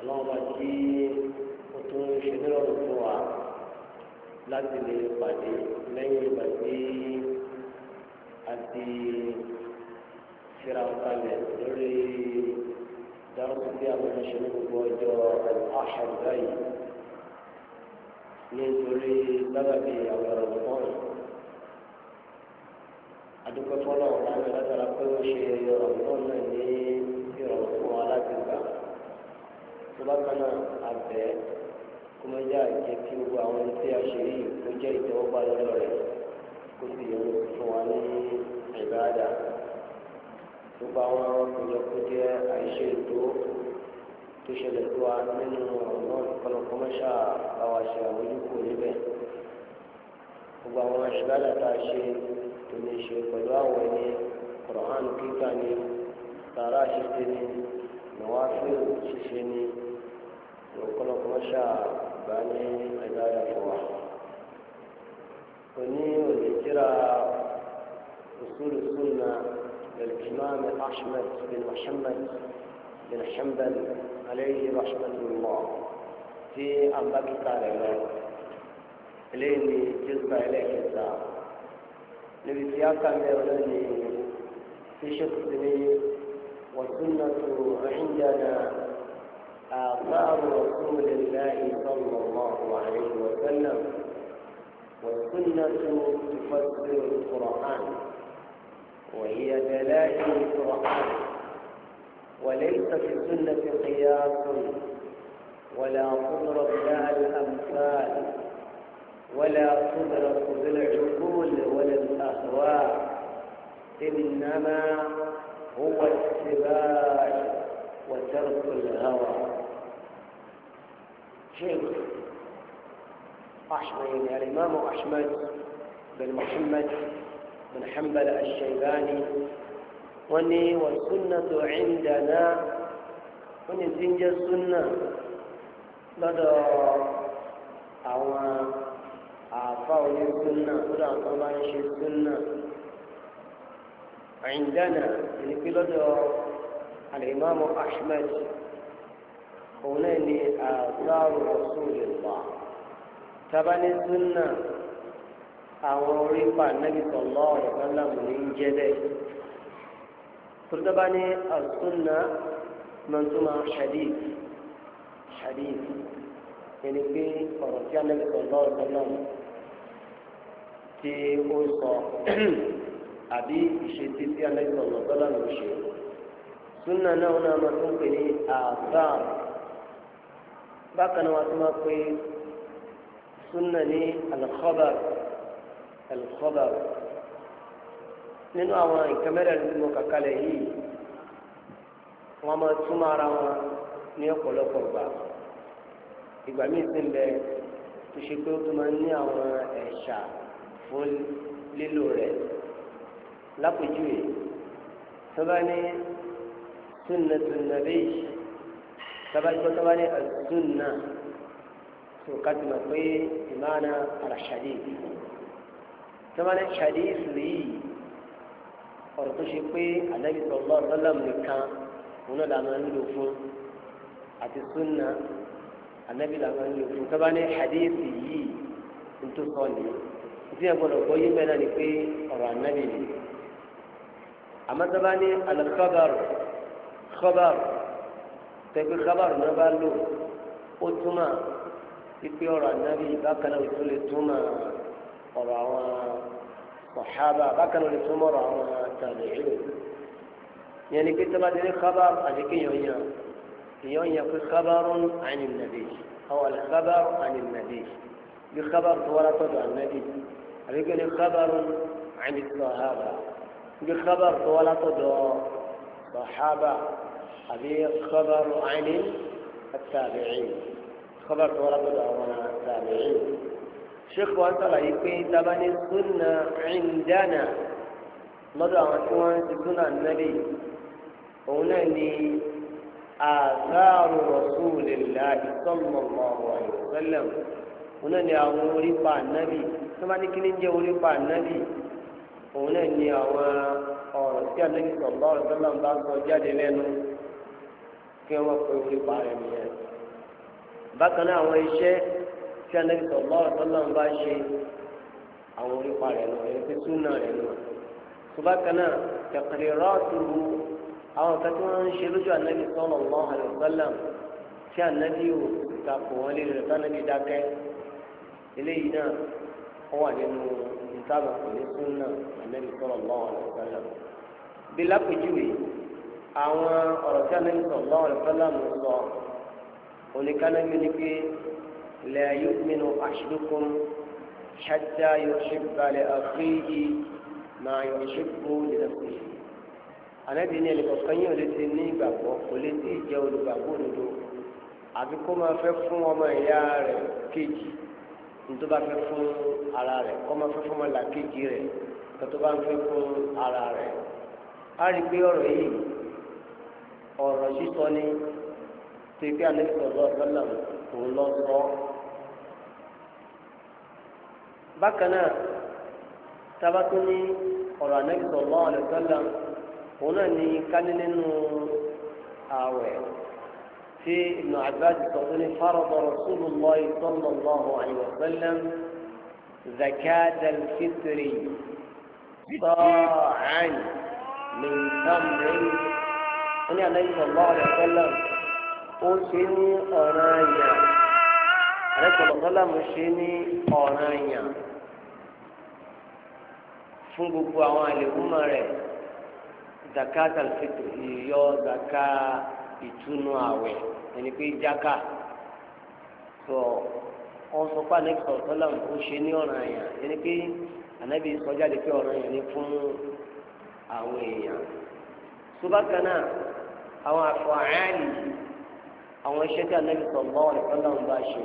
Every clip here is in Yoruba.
ọlọ́wọ́ba tí ó tún ṣe nírọ̀rùn fún wa láti lè pàdé lẹ́yìn ìgbà tí a ti fira kalẹ̀ lórí dárúkú tí a máa ṣe ní gbogbo ọjọ́ àṣàgbá yìí nítorí dábàbí àwọn ọ̀rọ̀ mọ́rin adúgbò fọlọ́ ọ̀la ní látara pé ó ṣe ọ̀rọ̀ mọ́rin ní ìrọ̀rùn fún wa láti gbà tó bá kan náà àbẹ kó má yá jẹ kí gbogbo àwọn ẹni tí a ṣe yìí kó jẹ ìtẹ́wọ́gbà lọ́dọ̀ rẹ̀ kó sì yẹ wọ́n fún wa ní ìbáradà gbogbo àwọn kòjọkòjẹ àìṣe ètò tó ṣẹlẹ̀ tó wa nínú ọ̀nà ìkọlọ̀kọ́ mọ́ṣá àwa ṣe àmójúkò níbẹ̀ gbogbo àwọn ìbáradà tá a ṣe tó ní ṣe pẹ̀lú àwọn ẹni kọ̀ọ̀hán kíkà ni tààrà ṣiṣẹ́ ni nàwáfíò ṣiṣẹ́ ni. òkúlọ̀ kọ́ṣà bá ní ìbára fún wa. òní òní kíra أصول السنة للإمام أحمد بن محمد بن حنبل عليه رحمة الله في أربع كتاب إليه جزء إليه كتاب نبي سياقا بيولوني في شخص والسنة عندنا آثار رسول الله صلى الله عليه وسلم والسنة تفسر القرآن وهي دلائل القرآن وليس في السنة قياس ولا قدرة لها الأمثال ولا قدرة بالعقول ولا الأهواء إنما هو اتباع وترك الهوى شيخ أحمد يعني الإمام أحمد بن محمد بن حنبل الشيباني وني والسنة عندنا وني تنجى السنة لدى أو أعطاو السنة لدى أعطاو السنة عندنا يعني لدى الإمام أحمد òun náà ni àgbáàrò Rasulullah tabani sunna àwọn orí pa nàbì sallallahu alaihi wasallam ní ń jẹ́ bẹ́ẹ̀ tabani sunna mọ̀túnmá hadith hadith ẹni pé ọ̀rọ̀ tí ànábì sallallahu alaihi wasallam tí ó sọ àbí ìṣètì tí ànábì sallallahu alaihi wasallam ṣe sunna náà wọn náà máa tún pè ní àgbáàrò bákan náà wọ́n tún máa pe súnà ní al-khabar al-khabar nínú àwọn nǹkan mẹ́rẹ̀ẹ̀rin tí mo kà kalẹ̀ yìí wọ́n máa túmọ̀ ara wọn ní ọ̀pọ̀lọpọ̀ gbà ìgbà míì sì ń bẹ tó ṣe pé ó tún máa ní àwọn ẹ̀ṣà fún lílò rẹ̀ lápèjúwe tó bá ní sunnatun nabiy tabajibọ tabali asunna tó kati ma pé ìmáàna alhadith tabali hadith yìí ọ̀rọ̀ tó ṣe pé anabi sallallahu alaihi wasallam nìkan wọn là máa ń lò fún àti sunna anabi là máa ń lò fún tabali hadith yìí nítorí sọ ni ìdí ẹ̀ gbọ́dọ̀ ni pé ọ̀rọ̀ anabi ni àmọ́ tabali alkhabar khabar tẹ́gbẹ́ kábàrù náà bá lò ó túmọ̀ ipe ọ̀rọ̀ ànábì bákan náà ìtún lè túmọ̀ ọ̀rọ̀ àwọn sàhábà bákan náà lè túmọ̀ ọ̀rọ̀ àwọn tàbí'ìn yẹn ni pé tẹ́bàdé ní kábàrù àti kéèyàn yàn kéèyàn yàn pé kábàrù àní nàbì àwọn àlùkábàrù àní nàbì bí kábàrù tó wára tọ́jú ànábì àbí ní kábàrù àní sàhábà bí kábàrù tó wára tọ́jú sàhábà. حديث خبر عن التابعين خبر ورد عن التابعين شيخ وانت رايكي تبني السنة عندنا مضى وانت سنة النبي هنا لي آثار رسول الله صلى الله عليه وسلم هنا لي أولي النبي ثم نكلم جولي النبي هنا لي النبي أو رسول الله صلى الله عليه وسلم بعد صلى الله عليه وسلم kí wọ́n pè é parẹ́ nìyẹn. bákan náà àwọn iṣẹ́ tí anabi sallallahu alaihi wasallam ń bá ṣe àwọn orípa rẹ̀ nù ẹni pé súnà rẹ̀ nù. bákan náà taqriratuhu àwọn kan tí wọ́n ń ṣe lójú anabi sallallahu alaihi wasallam tí anabi ò takò wọn lé rẹ̀ tánàbí dákẹ́ eléyìí náà wọ́n wà nínú ìtàbà pẹ̀lú súnà anabi sallallahu alaihi wasallam. bí àwọn ọ̀rọ̀ tí a lè sọ bá ọ̀rẹ́ fẹ́lá mi sọ oníkánámi ni pé la yu'minu ahadukum hatta yuhibba li akhihi ma yuhibbu li nafsihi. ànábì ní ẹnìkọ̀ọ̀kan yóò lè ti ní ìgbàgbọ́ kò lè ti jẹ́ olùgbàgbọ́ òdodo àbí kó máa fẹ́ fún ọmọ ìyá rẹ̀ kejì nítorí bá fẹ́ fún ara rẹ̀ kó máa fẹ́ fún ọmọ ìlà kejì rẹ̀ kó bá fẹ́ fún ara rẹ̀. a rí i pé ọ̀rọ̀ yìí ọ̀rọ̀ sísọ ni tẹ̀kí àlẹ́sọ̀lọ́ ọ̀sọ́lá kò lọ sọ. bákan náà tabatu ní ọ̀rọ̀ àlẹ́sọ̀lọ́ ọ̀sọ́lá òun náà ní kálí nínú ààwẹ̀ tí ibnu abbas sọ fún ní farada rasulullah sallallahu alayhi wa sallam zakat al-fitri sa'an min tamrin wọ́n ní àlẹ́ yìí lọ́wọ́ rẹ̀ tẹ́lẹ̀ ó ṣe ní ọ̀ràn àyà àlẹ́ sọ̀rọ̀ tọ́lá mo ṣe ní ọ̀ràn àyà fún gbogbo àwọn àlèkúmọ̀ rẹ̀ zakat alfitr ìyọ zaka ìtúnu àwẹ̀ ẹni pé jaka tó wọn sọ pé àlẹ́ sọ̀rọ̀ tọ́lá mo ṣe ní ọ̀ràn àyà ẹni pé ànábì sọjá de pé ọ̀ràn àyà ni fún àwọn èèyàn tó bá kan náà àwọn àpò àárín àwọn iṣẹ́ tí anabi sọ̀rọ̀ wọn nìkan náà ń bá ṣe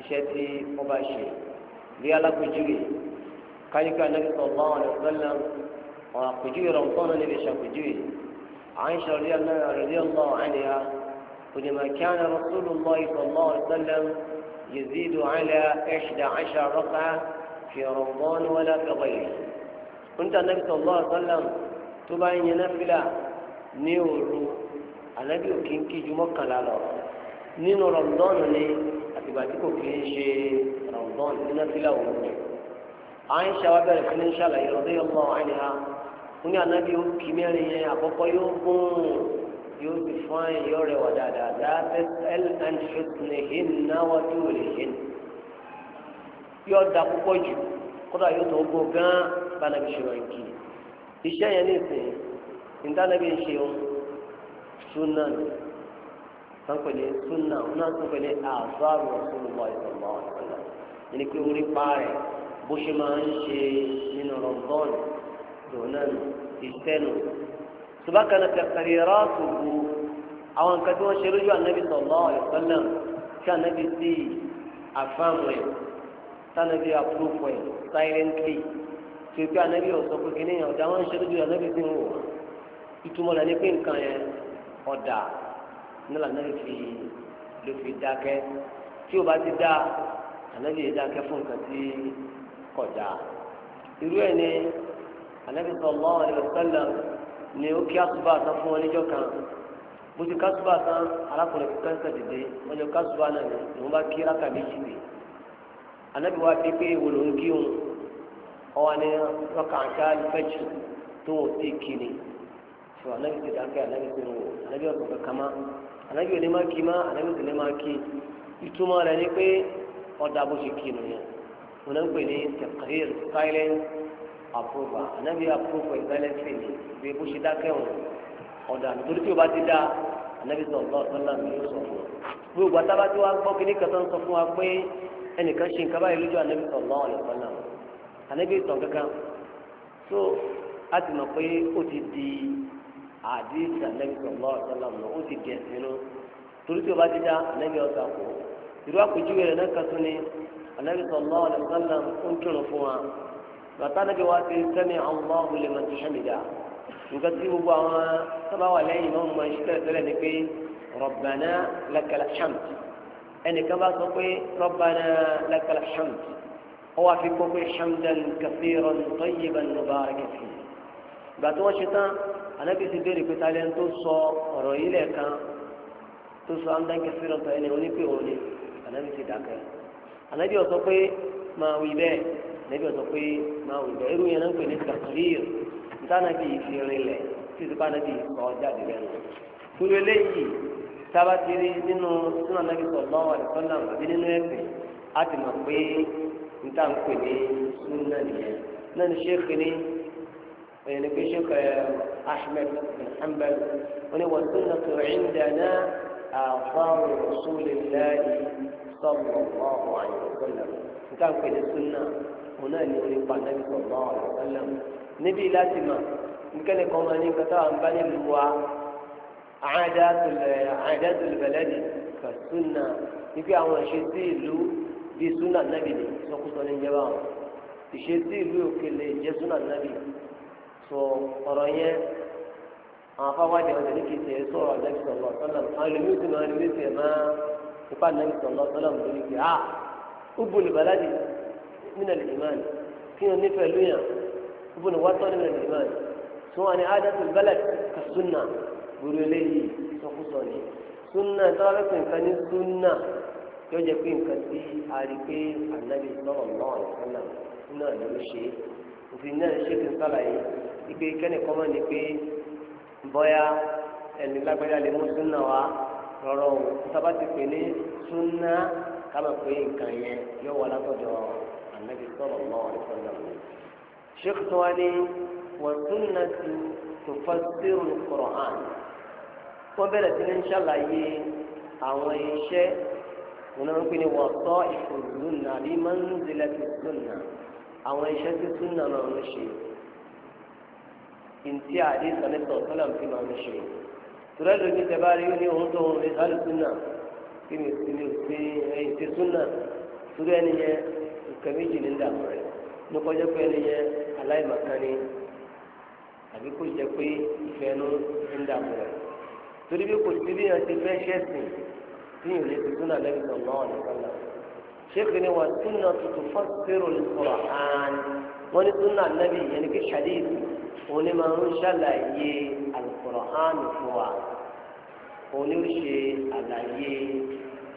iṣẹ́ tí wọ́n bá ṣe bí alákòjúwe káyíká anabi sọ̀rọ̀ wọn nìkan náà wọn àpòjúwe rọ̀mùtọ́nù níbi ìṣàpòjúwe عائشة رضي الله عنها ولما كان رسول الله صلى الله عليه وسلم يزيد على إحدى عشر ركعة في رمضان ولا في غيره كنت النبي صلى الله عليه وسلم تبين نفلة ní òru ànábì ò kí ń kí ju mọ́kànlá lọ nínú rọ̀ǹdọ́ọ̀nù ni àtìgbà tí kò kí ń ṣe rọ̀ǹdọ́ọ̀nù nínú fílà òun ni àyíṣà wa bẹ̀rẹ̀ fún ní ṣàlàyé lọ́dún yóò mọ àyìn ha fún ní ànábì ó kí mẹ́rin yẹn àkọ́kọ́ yóò gún yóò ti fún àyìn yóò rẹwà dáadáa dáàtẹ́ ẹ̀lẹ́n ṣùtìnìhìn náwó tí ò lè hìn yóò da púpọ̀ jù kódà yóò tó gbó gán bá ìdánilẹ́bí ń ṣe ohun súnà ní sanpẹ̀lẹ̀ súnà ọ̀nà sanpẹ̀lẹ̀ àzọ́rù ọ̀sọ́lùmọ̀ ìsọ̀mọ̀ ọ̀sọ̀lá yìí pé orí paarẹ̀ bó ṣe máa ń ṣe nínú rọ̀bọ́ọ̀nù lọ́nà ìṣẹ́nu. subakana tẹ̀sẹ̀rì ráàtù bu àwọn nǹkan tí wọ́n ṣe lójú ànábì sọ̀mọ̀ ọ̀sọ̀lá tí ànábì sí àfáàmù rẹ̀ tánàbí àpúrúfù ẹ̀ silently tí o pé ànábì ọ̀sọ̀ pé kìnìyàn ọ̀dà wọn ṣe lójú ànábì sí ń ìtumọ̀ rẹ̀ ni pé nǹkan yẹn ọ̀dà nílà náà ló fi ló fi dákẹ́ tí o bá ti dá ànábì yìí dákẹ́ fún nǹkan tí kò dáa irú ẹ̀ ni ànábì sallallahu alaihi wasallam ni ó kí àsùbá tán fún oníjọ́ kan bó ti kásùbà tán arákùnrin kankan sàdédé wọn ni kásùbà náà ni òun bá kí rákà méjì bì ànábì wa dé pé wò ló ń kí òun ọwọ́ ni rákà àǹkà fẹ́jù tó wọ́n ti kí ni so anabi ti dákẹ́ anabi ti nù anabi ọ̀sán kankan ma anabi òní máa kí ma anabi òní máa kí ìtumọ̀ rẹ̀ ni pé ọ̀dà bó ṣe kí nù yẹn wọn náà ń pè ní tẹ̀kẹ́rẹ́ silent approval anabi approval silent fail bí bó ṣe dákẹ́ wọn ọ̀dà nítorí tí o bá ti dá anabi sọ ọ̀dọ́ ọ̀sánlá mi yóò sọ fún wa gbogbo àtàbà tí wàá gbọ́ kíní kẹta ń sọ fún wa pé ẹnìkan ṣe nǹkan báyìí lójú anabi sọ ọ̀dọ́ ọ̀sánlá anabi sọ kankan so a ti mọ̀ pé ó ti di àdìsí àlẹ́gbẹ̀ẹ́ ọ̀gbọ́n ọ̀sálàmù ó ti dẹ̀ sínú torí tí o bá ti dá àlẹ́gbẹ̀ẹ́ ọ̀sà kù irú àpèjúwe rẹ̀ náà kàtún ni àlẹ́gbẹ̀ẹ́ ọ̀gbọ́n ọ̀sálàmù ó ń kírun fún wa bàtà nàbẹ̀ wá sí sẹ́mi ọ̀gbọ́n lèmọ̀ tó ṣàmìdá nǹkan tí gbogbo àwọn sábà wà lẹ́yìn náà mọ̀ iṣẹ́ tẹ́lẹ̀ ni pé rọ̀bànà lakal hamd ẹnìkan anabi ti béèrè pé talẹ́ tó sọ ọ̀rọ̀ yìí lẹ́ẹ̀kan tó sọ andanke sírọ̀tọ̀ ẹni onípe òun ni anabi ti dàkẹ́ anabi ó sọ pé máa wí bẹ́ẹ̀ anabi ó sọ pé máa wí bẹ́ẹ̀ irú yẹn náà ń pè ní takrir ntànàbí fi rinlẹ̀ títí pànàbí kọ́ jáde lẹ́nu kúrò eléyìí sábà ti rí nínú sínú anabi sallallahu alaihi wasallam àbí nínú ẹ̀sìn á ti mọ̀ pé ntàǹpè ní nìyẹn náà ni ṣé يعني بشيخ أحمد بن حنبل والسنة عندنا آثار رسول الله صلى الله عليه وسلم كان في السنة هنا يريد النبي صلى الله عليه وسلم نبي لازمة يمكن يكون أن كتاب بني الوا عادات عادات البلد فالسنة يمكن أن يشتيلوا بسنة النبي صلى الله عليه وسلم ìṣesí ìlú òkèlè jésù náà nàbì so ọ̀rọ̀ yẹn àwọn afáwádìí ọ̀dẹ̀ ní kìí ṣe é sọ̀rọ̀ ànábì sọ̀rọ̀ sọ́lọ̀ àwọn ẹlòmíì sì máa ń rí ṣe máa nípa ànábì sọ̀rọ̀ sọ́lọ̀ lórí pé ah ubul baladi min al iman kí wọn nífẹ̀ẹ́ lóyàn ubul wàtọ́ min al iman so wọn ni adatu balad ka sunna gbòòrò eléyìí sọkúsọ ni sunna tọ́lá fẹ́ nǹkan ní sunna yóò jẹ́ pé nǹkan tí a rí pé ànábì sọ̀rọ̀ ipe kẹ́nìkan mọ̀ ní pé bọ́yá ẹni lágbájá lè mú súnà wá rọrọ o sábà ti pè ní súnà kábà pé nǹkan yẹn yóò wà látọ̀dọ̀ ànábi sọ̀rọ̀ mọ́ ọ̀rẹ́sọ̀dọ̀ mi. sheikh tó wá ní wọ́n súnà tu tó sírù kọ̀ọ̀án wọ́n bẹ̀rẹ̀ sí ní ṣàlàyé àwọn iṣẹ́ wọn ń pè ní wọ́n sọ ìfòsúnà bí mọ́nzílẹ̀ súnà àwọn iṣẹ́ tó súnà náà ń ṣe ntí àdé sọlẹ́tọ̀ sọlá ń fi máa ń ṣe tùrẹ́ lójú tẹ bá rí ó ní òun tó òun lè sáré súnà kí ni ìsinmi òsè ẹ̀yìn ti súnà tùrẹ́ eh, ẹni yẹn nǹkan méjì ní dààmú rẹ̀ ní kọjá pé ẹni yẹn aláìmọ̀kan ni àbí kò jẹ́ pé ìfẹ́ ló ń dààmú rẹ̀ torí bí kò sí bí wọn ti fẹ́ ṣẹ̀sìn tí yìí lè ti súnà lẹ́yìn tó náà nìkan náà ṣé kìnìún wa súnà tuntun fọ́sẹ̀rò wọ́n ní sunna nabi yẹn ní kí hadith òun ni máa ń ṣàlàyé alukur'an fún wa òun ni ó ṣe àlàyé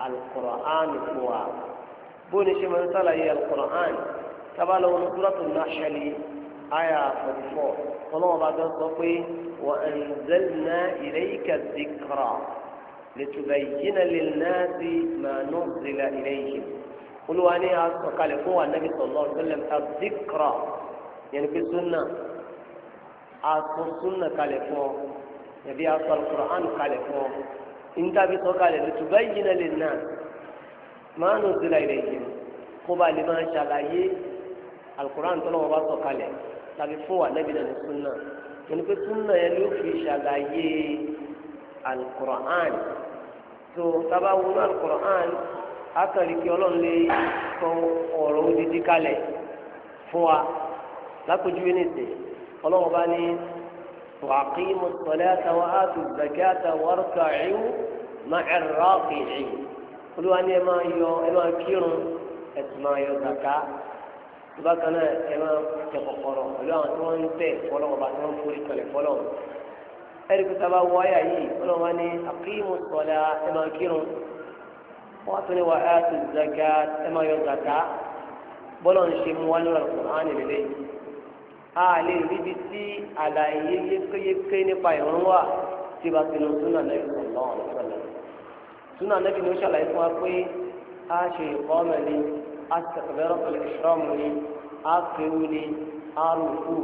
alukur'an fún wa bóun ni ṣe máa ń ṣàlàyé alukur'an tábàlà wọn suratul Nahl àyà forty four ọlọ́wọ́n bá dán sọ pé wa anzalna ilayka dhikra litubayyina lin-nasi ma nuzzila ilayhim olúwa ní asọ̀kalẹ̀ fún wa nàbí sallallahu alaihi wasallam àdìkọ̀rọ̀ yẹn pé súnà asọ súnà kalẹ̀ fún ọ yẹbi asọ alukur'an kalẹ̀ fún ọ níta-bí sọ̀kalẹ̀ litubayyina lin-nas ma nuzila ilayhim kó ba lè máa ṣàlàyé alukur'an tó lọ́wọ́ bá sọ̀kalẹ̀ tàbí fún wa nàbí nàní súnà yẹn pé súnà yẹn ló fi ṣàlàyé alukur'an tó tábà wúlò alukur'an akari kí ọlọ́run lè sọ ọ̀rọ̀ odidi kalẹ̀ fún wa lápèjúwe nìsín ọlọ́run bá ní wàqímù sọlẹ́ta wa áàtù zakata wàrúkà ẹ̀wù má ẹ̀rọ kìí olúwa ni ẹ máa yọ ẹ máa kírun ẹ sì máa yọ zaka ìbákan náà ẹ máa tẹ kọkọrọ pẹ̀lú àwọn tí wọ́n ń tẹ̀ fọlọ́wọ́ bá tí wọ́n ń forí kalẹ̀ fọlọ́wọ́ ẹ̀rí kí sábà wọ ayà yìí ọlọ́run wá ní àkímù sọlẹ́ ẹ máa kírun wọ́n tún ní wà á ti zaka ẹ máa yọ zaka bọ́lọ̀ ń ṣe mú wá nínú Al-Qur'an lélẹ̀ a lè ríbi tí àlàyé yékéyéké nípa ìrún wà tí bá ti lọ súnà nàbì sallallahu alaihi wasallam súnà nàbì ni ó ṣàlàyé fún wa pé a ṣe ìkọ́mọ̀ ni a ti tẹ̀síbẹ́rọ̀ pẹ̀lú ìṣọ́ọ̀mù ni a kéwu ni a rùkú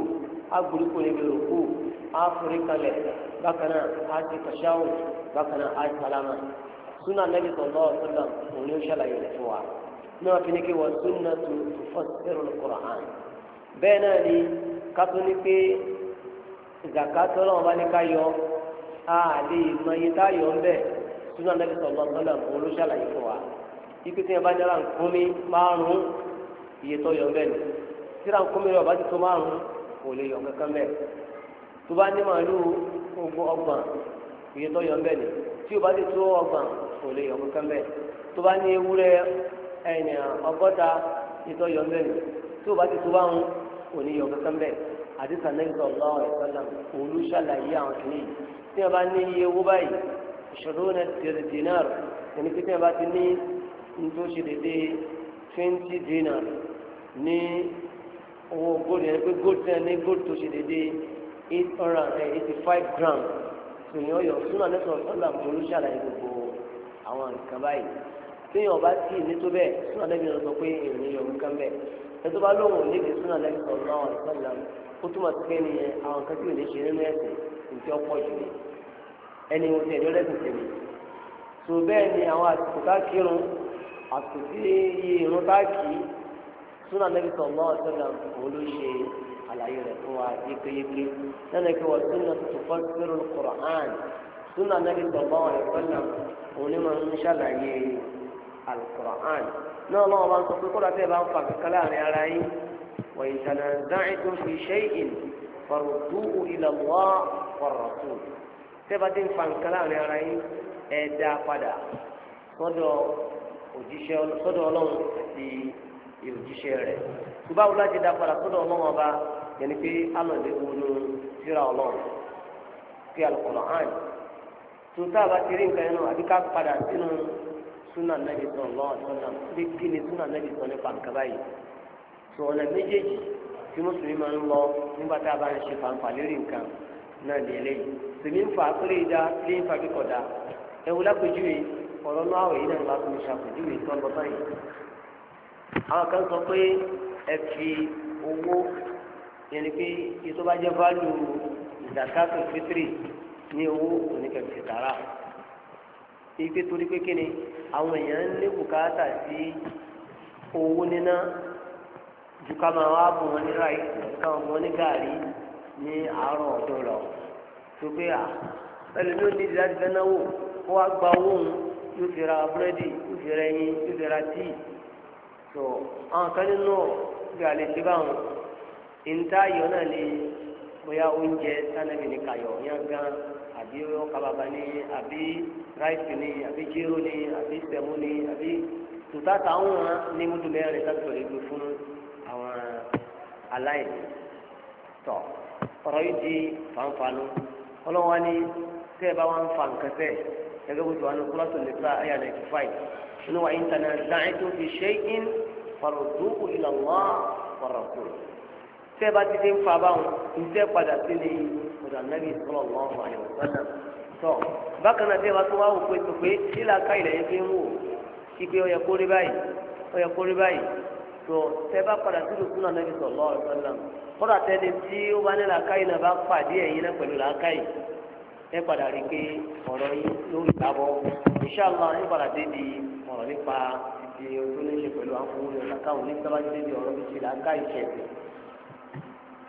a gbùdúkú níbi rùkú a forí kalẹ̀ bákan náà a ti tẹ̀síáwò bákan náà a ti sálámà súnà nẹ́bí sọ̀lọ́ ọ̀sọ́lọ́ òun ni ó ṣàlàyé rẹ̀ fún wa ní wọn fi ní kí wọn súnà tó fọ́sẹ̀rọ̀ Al-Qur'an bẹ́ẹ̀ náà ni kátó ní pé zakatọ́ náà wọ́n ní ká yọ àlè ìmọ̀ iye tá a yọ ń bẹ̀ súnà nẹ́bí sọ̀lọ́ ọ̀sọ́lọ́ òun ló ṣàlàyé fún wa ipe tí wọn bá nkumi márùn iye tó yọ bẹ́ẹ̀ ni tíra nkumi rẹ ọba ti tó márùn kò lè yọ kankan bẹ́ẹ̀ tó bá ní màálù ogún ọgbọ̀n iye tó yọ bẹ́ẹ̀ ni tí o bá ti tó ọgbọ̀n kò lè yọ kankan bẹ́ẹ̀ tó bá ní ewúrẹ́ ẹ̀yìn ọgọ́ta ìtọ́ yọ mẹ́rin tó bá ti tó bá ń kò ní yọ kankan bẹ́ẹ̀ àdìsá náà sọ lọ́wọ́ ìsọ́lá òun ṣàlàyé àwọn kìíní tí wọ́n bá ní iye owó báyìí ìṣòro náà ti rẹ̀ dinar ẹni pé tí wọ́n bá ti ní nítorí ṣe dédé twenty dinar ní owó gold yẹn pé gold náà ní gold tó ṣe dédé eight hundred and eighty five grams tòun sùnà náà sọ lọ́wọ́ ṣàlàyé gbogbo àwọn nǹkan báyìí téèyàn bá tí ì ní tó bẹ́ẹ̀ súnà lẹ́bi lọ sọ pé èrò yọ̀ nǹkan bẹ́ẹ̀ ẹtú bá lóun ò lébi súnà lẹ́bi sọ̀rọ̀ náà àwọn ìsọ̀lá ó túmọ̀ sí pé ní àwọn nǹkan tí ò lè ṣe nínú ẹ̀sìn nǹkan ọ̀pọ̀ jù ní ẹni wọn ti ẹ̀dọ́ lẹ́sìn tẹ̀lé tó bẹ́ẹ̀ ni àwọn àsìkò tá kírun fún wa yékéyéké lẹ́nu ẹ̀kẹ́ wọ súnà tó fọ́ sírò Kùránì súnà lẹ́bi sọ̀rọ̀ náà onímọ̀ ń ṣàlàyé alukur'an náà lọ́wọ́ bá ń sọ pé kódà tẹ́ ẹ bá ń fa kankan láàrin ara yín wa in tanaza'tum fi shay'in farudduhu ila Allah wa rasul tẹ́ ẹ bá ti ń fa kankan láàrin ara yín ẹ dá padà sọ́dọ̀ òjíṣẹ́ sọ́dọ̀ ọlọ́run àti òjíṣẹ́ rẹ̀ tó báwo láti dá padà sọ́dọ̀ ọlọ́run ọba yẹn ni pé alọ̀ lé wọnú síra ọlọ́run kí alukur'an tó tá a bá ti rí yẹn àbí ká padà sínú súnà nàbì sọ lọ́wọ́ sọ́nà bí kí ni súnà nàbì sọ nípa nǹkan báyìí tó ọ̀nà méjèèjì tí mùsùlùmí máa ń lọ nígbà tá a bá ń ṣe fàǹfà lérí nǹkan náà ní ń fa péré ìdá lé ń fa kíkọ̀ dá ẹ̀wù lápèjúwe ọ̀rọ̀ náà àwẹ̀ yìí náà láti mi ṣàpèjúwe tó ń báyìí. ní owó oníkẹ̀kẹ̀ tààrà ipe torí pé kíni àwọn èèyàn ń lé bùkátà sí owó níná ju ká máa wá bù wọn ní ráìsì ká wọn ní gàárì ní àárọ̀ ọ̀dọ́ lọ tó pé à ẹni ló ní ìdílé àtìfẹ́ náwó kó wá gba owó òun yóò fi ra búrẹ́dì yóò fi ra ẹyin yóò fi ra tíì tó àwọn kan nínú bí a lè ṣe báwọn ìntayọ̀ náà lè bóyá oúnjẹ tánàbì ní kàyọ̀ yán àbí kábàbà ni àbí ráìsì ni àbí jíró ni àbí sẹ̀mú ni àbí tòtá táwọn ní múdù mẹ́rin láti sọ̀rọ̀ ìlú fún àwọn aláìní tọ̀ ọ̀rọ̀ yìí di fanfanu ọlọ́wọ́n ni tẹ́ ẹ bá wọn fa nǹkan tẹ́ gẹ́gẹ́ bó ti wà ní kúlọ́tò nípa ẹ̀yà ninety five inú wa ìntànà dáhìn tó fi ṣe é in farò dúkù ila Allah wa rasul tẹ́ bá ti dé ń fa báwọn ìṣe padà sí ni ọ̀dà nàbì sọ̀rọ̀ wọn wà ní ọ̀sán tọ́ bákan náà tẹ́ bá tó wá wò pé tó pé sílà ká ilẹ̀ yẹn fi ń wò ipe ọ̀yẹ kórè báyìí ọ̀yẹ kórè báyìí tó tẹ́ bá padà sí ìdòkú náà nàbì sọ̀rọ̀ ọ̀sán kọ́dà tẹ́lẹ̀ tí ó bá ní làákàyè náà bá pàdé ẹ̀yìn náà pẹ̀lú làákàyè ẹ padà rí i pé ọ̀rọ̀ yìí ló ń gbàbọ̀ ìṣàlá ẹ padà dé ọ̀rọ̀ nípa ti ojú ní ṣe pẹ̀lú àwọn ohun ìlàkàwọn ní sábà dé ọ̀rọ̀ bíi ti làákàyè ṣẹ̀ṣẹ̀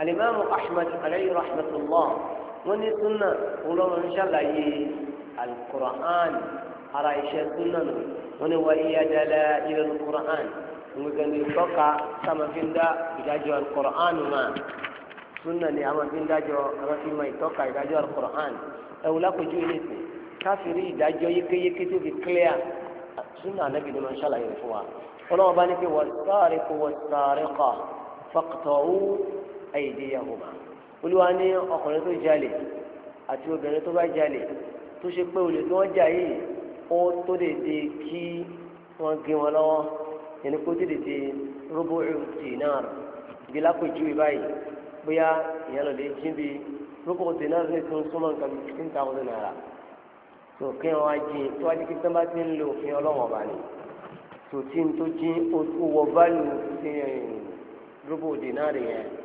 alimami ahmed alayhi rahmatullah wọn ní sunna olóòrùn ń ṣàlàyé alukur'an ara iṣẹ́ sunna nù wọn ní wà iye dala ilẹ̀ alukur'an nǹkan ní tọ́ka sàmàfíńdá ìdájọ́ alukur'an mà sunna ni àmàfíńdájọ́ àmàfíńmá ìtọ́ka ìdájọ́ alukur'an ẹ̀wù lákòjú ilé ìsìn káfíìrì ìdájọ́ yékéyéké tó fi clear sunna anabi ni wọn ṣàlàyé fún wa ọlọ́wọ́ bá ní pé wọ́n sáré kó wọ́n sáré kọ́ fọ́kítọ̀ aydiyahuma olúwa ní ọkùnrin tó jalè àti obìnrin tó bá jalè tó ṣe pé olè tí wọ́n jà yìí ó tó dèdè kí wọ́n gé wọn lọ́wọ́ yẹn ni kó tó dèdè rúbù dinar bí lápèjú báyìí bóyá ìyá lọ́dẹ jí bí rúbù dinar ní tó ń súnmọ́ nǹkan bí fifteen thousand naira tó kí wọn á jí tó wá di kí tán bá ti ń lo òfin ọlọ́wọ́n ọba ni tó tí ń tó jí ó wọ báàlù dinar eh, yẹn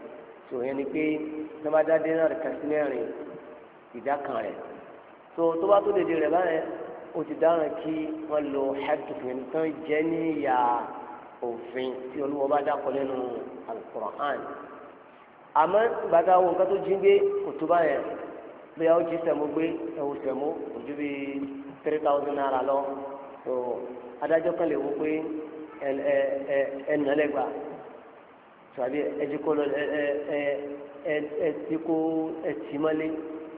tó yẹn ni pé tọ́mádádé náà rẹ̀ kàṣí mẹ́rin ìdá kan rẹ̀ tó tó bá tó dédé rẹ̀ báyẹn ó ti dáràn kí wọ́n lo hẹ́pìtìkìn tán jẹ́ níyà òfin tí olúwọ́ bá dákọ̀ lẹ́nu alukur'an àmọ́ gbàgbà wo nǹkan tó jíǹde kò tó báyẹn bóyá ó jí sẹ̀mú gbé ẹ̀wù sẹ̀mú ojú bí three thousand naira lọ tó adájọ́ kan lè wo pé ẹ̀ ẹ̀ ẹ̀ ẹ̀ nàlẹ́gbàá. tàbí ẹjẹ kọ́ lọ ẹ kó mọ́lé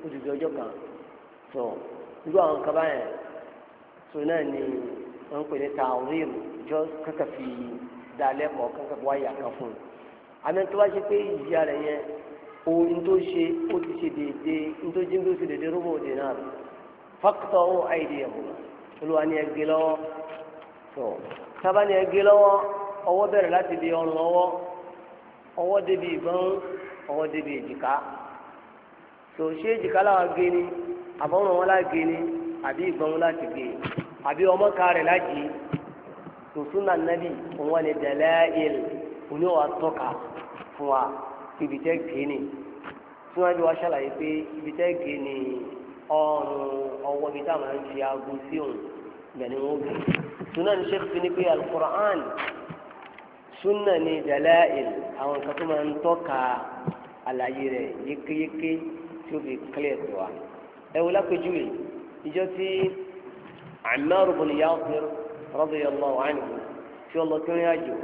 ọjọ́ kan tó kaba yẹn tó náà ni wọ́n pè ní jọ kankan fi dalẹ́ kọ́ kankan wá yà kan fún un àmì tó bá ṣe o n tó ṣe ó ti ṣe déédéé n tó ṣe déédéé náà ó ni ẹ gé lọ́wọ́ tó sábà ni ẹ gé lọ́wọ́ ọwọ́ ọwọ́ débi ìbọn ọwọ́ débi èjìká tó ṣé èjìká làwọn gé ni àbọ̀rùn wọn láti gé ni àbí ìbọn wọn láti gé àbí ọmọ ká rẹ̀ láti tó súnà nàbì òun ni dẹ̀lẹ́ il òní wa tọ́ka fún wa ibi tẹ́ gé ni tí wọ́n ti wá ṣàlàyé pé ibi tẹ́ gé ni ọrùn ọwọ́ ibi táwọn ń fi aago sí òun gbẹ̀ni wọn gé. sunan sheikh fi ni pé alukur'an súnà ní dalail àwọn nǹkan tó máa ń tọ́ka àlàyé rẹ̀ yékéyéké tí ó fi kílẹ̀ tó wa. ẹ wò lápẹjúwe ìjọ tí Ammar ibn Yasir radiyallahu anhu tí ó lọ tí ó rìn àjò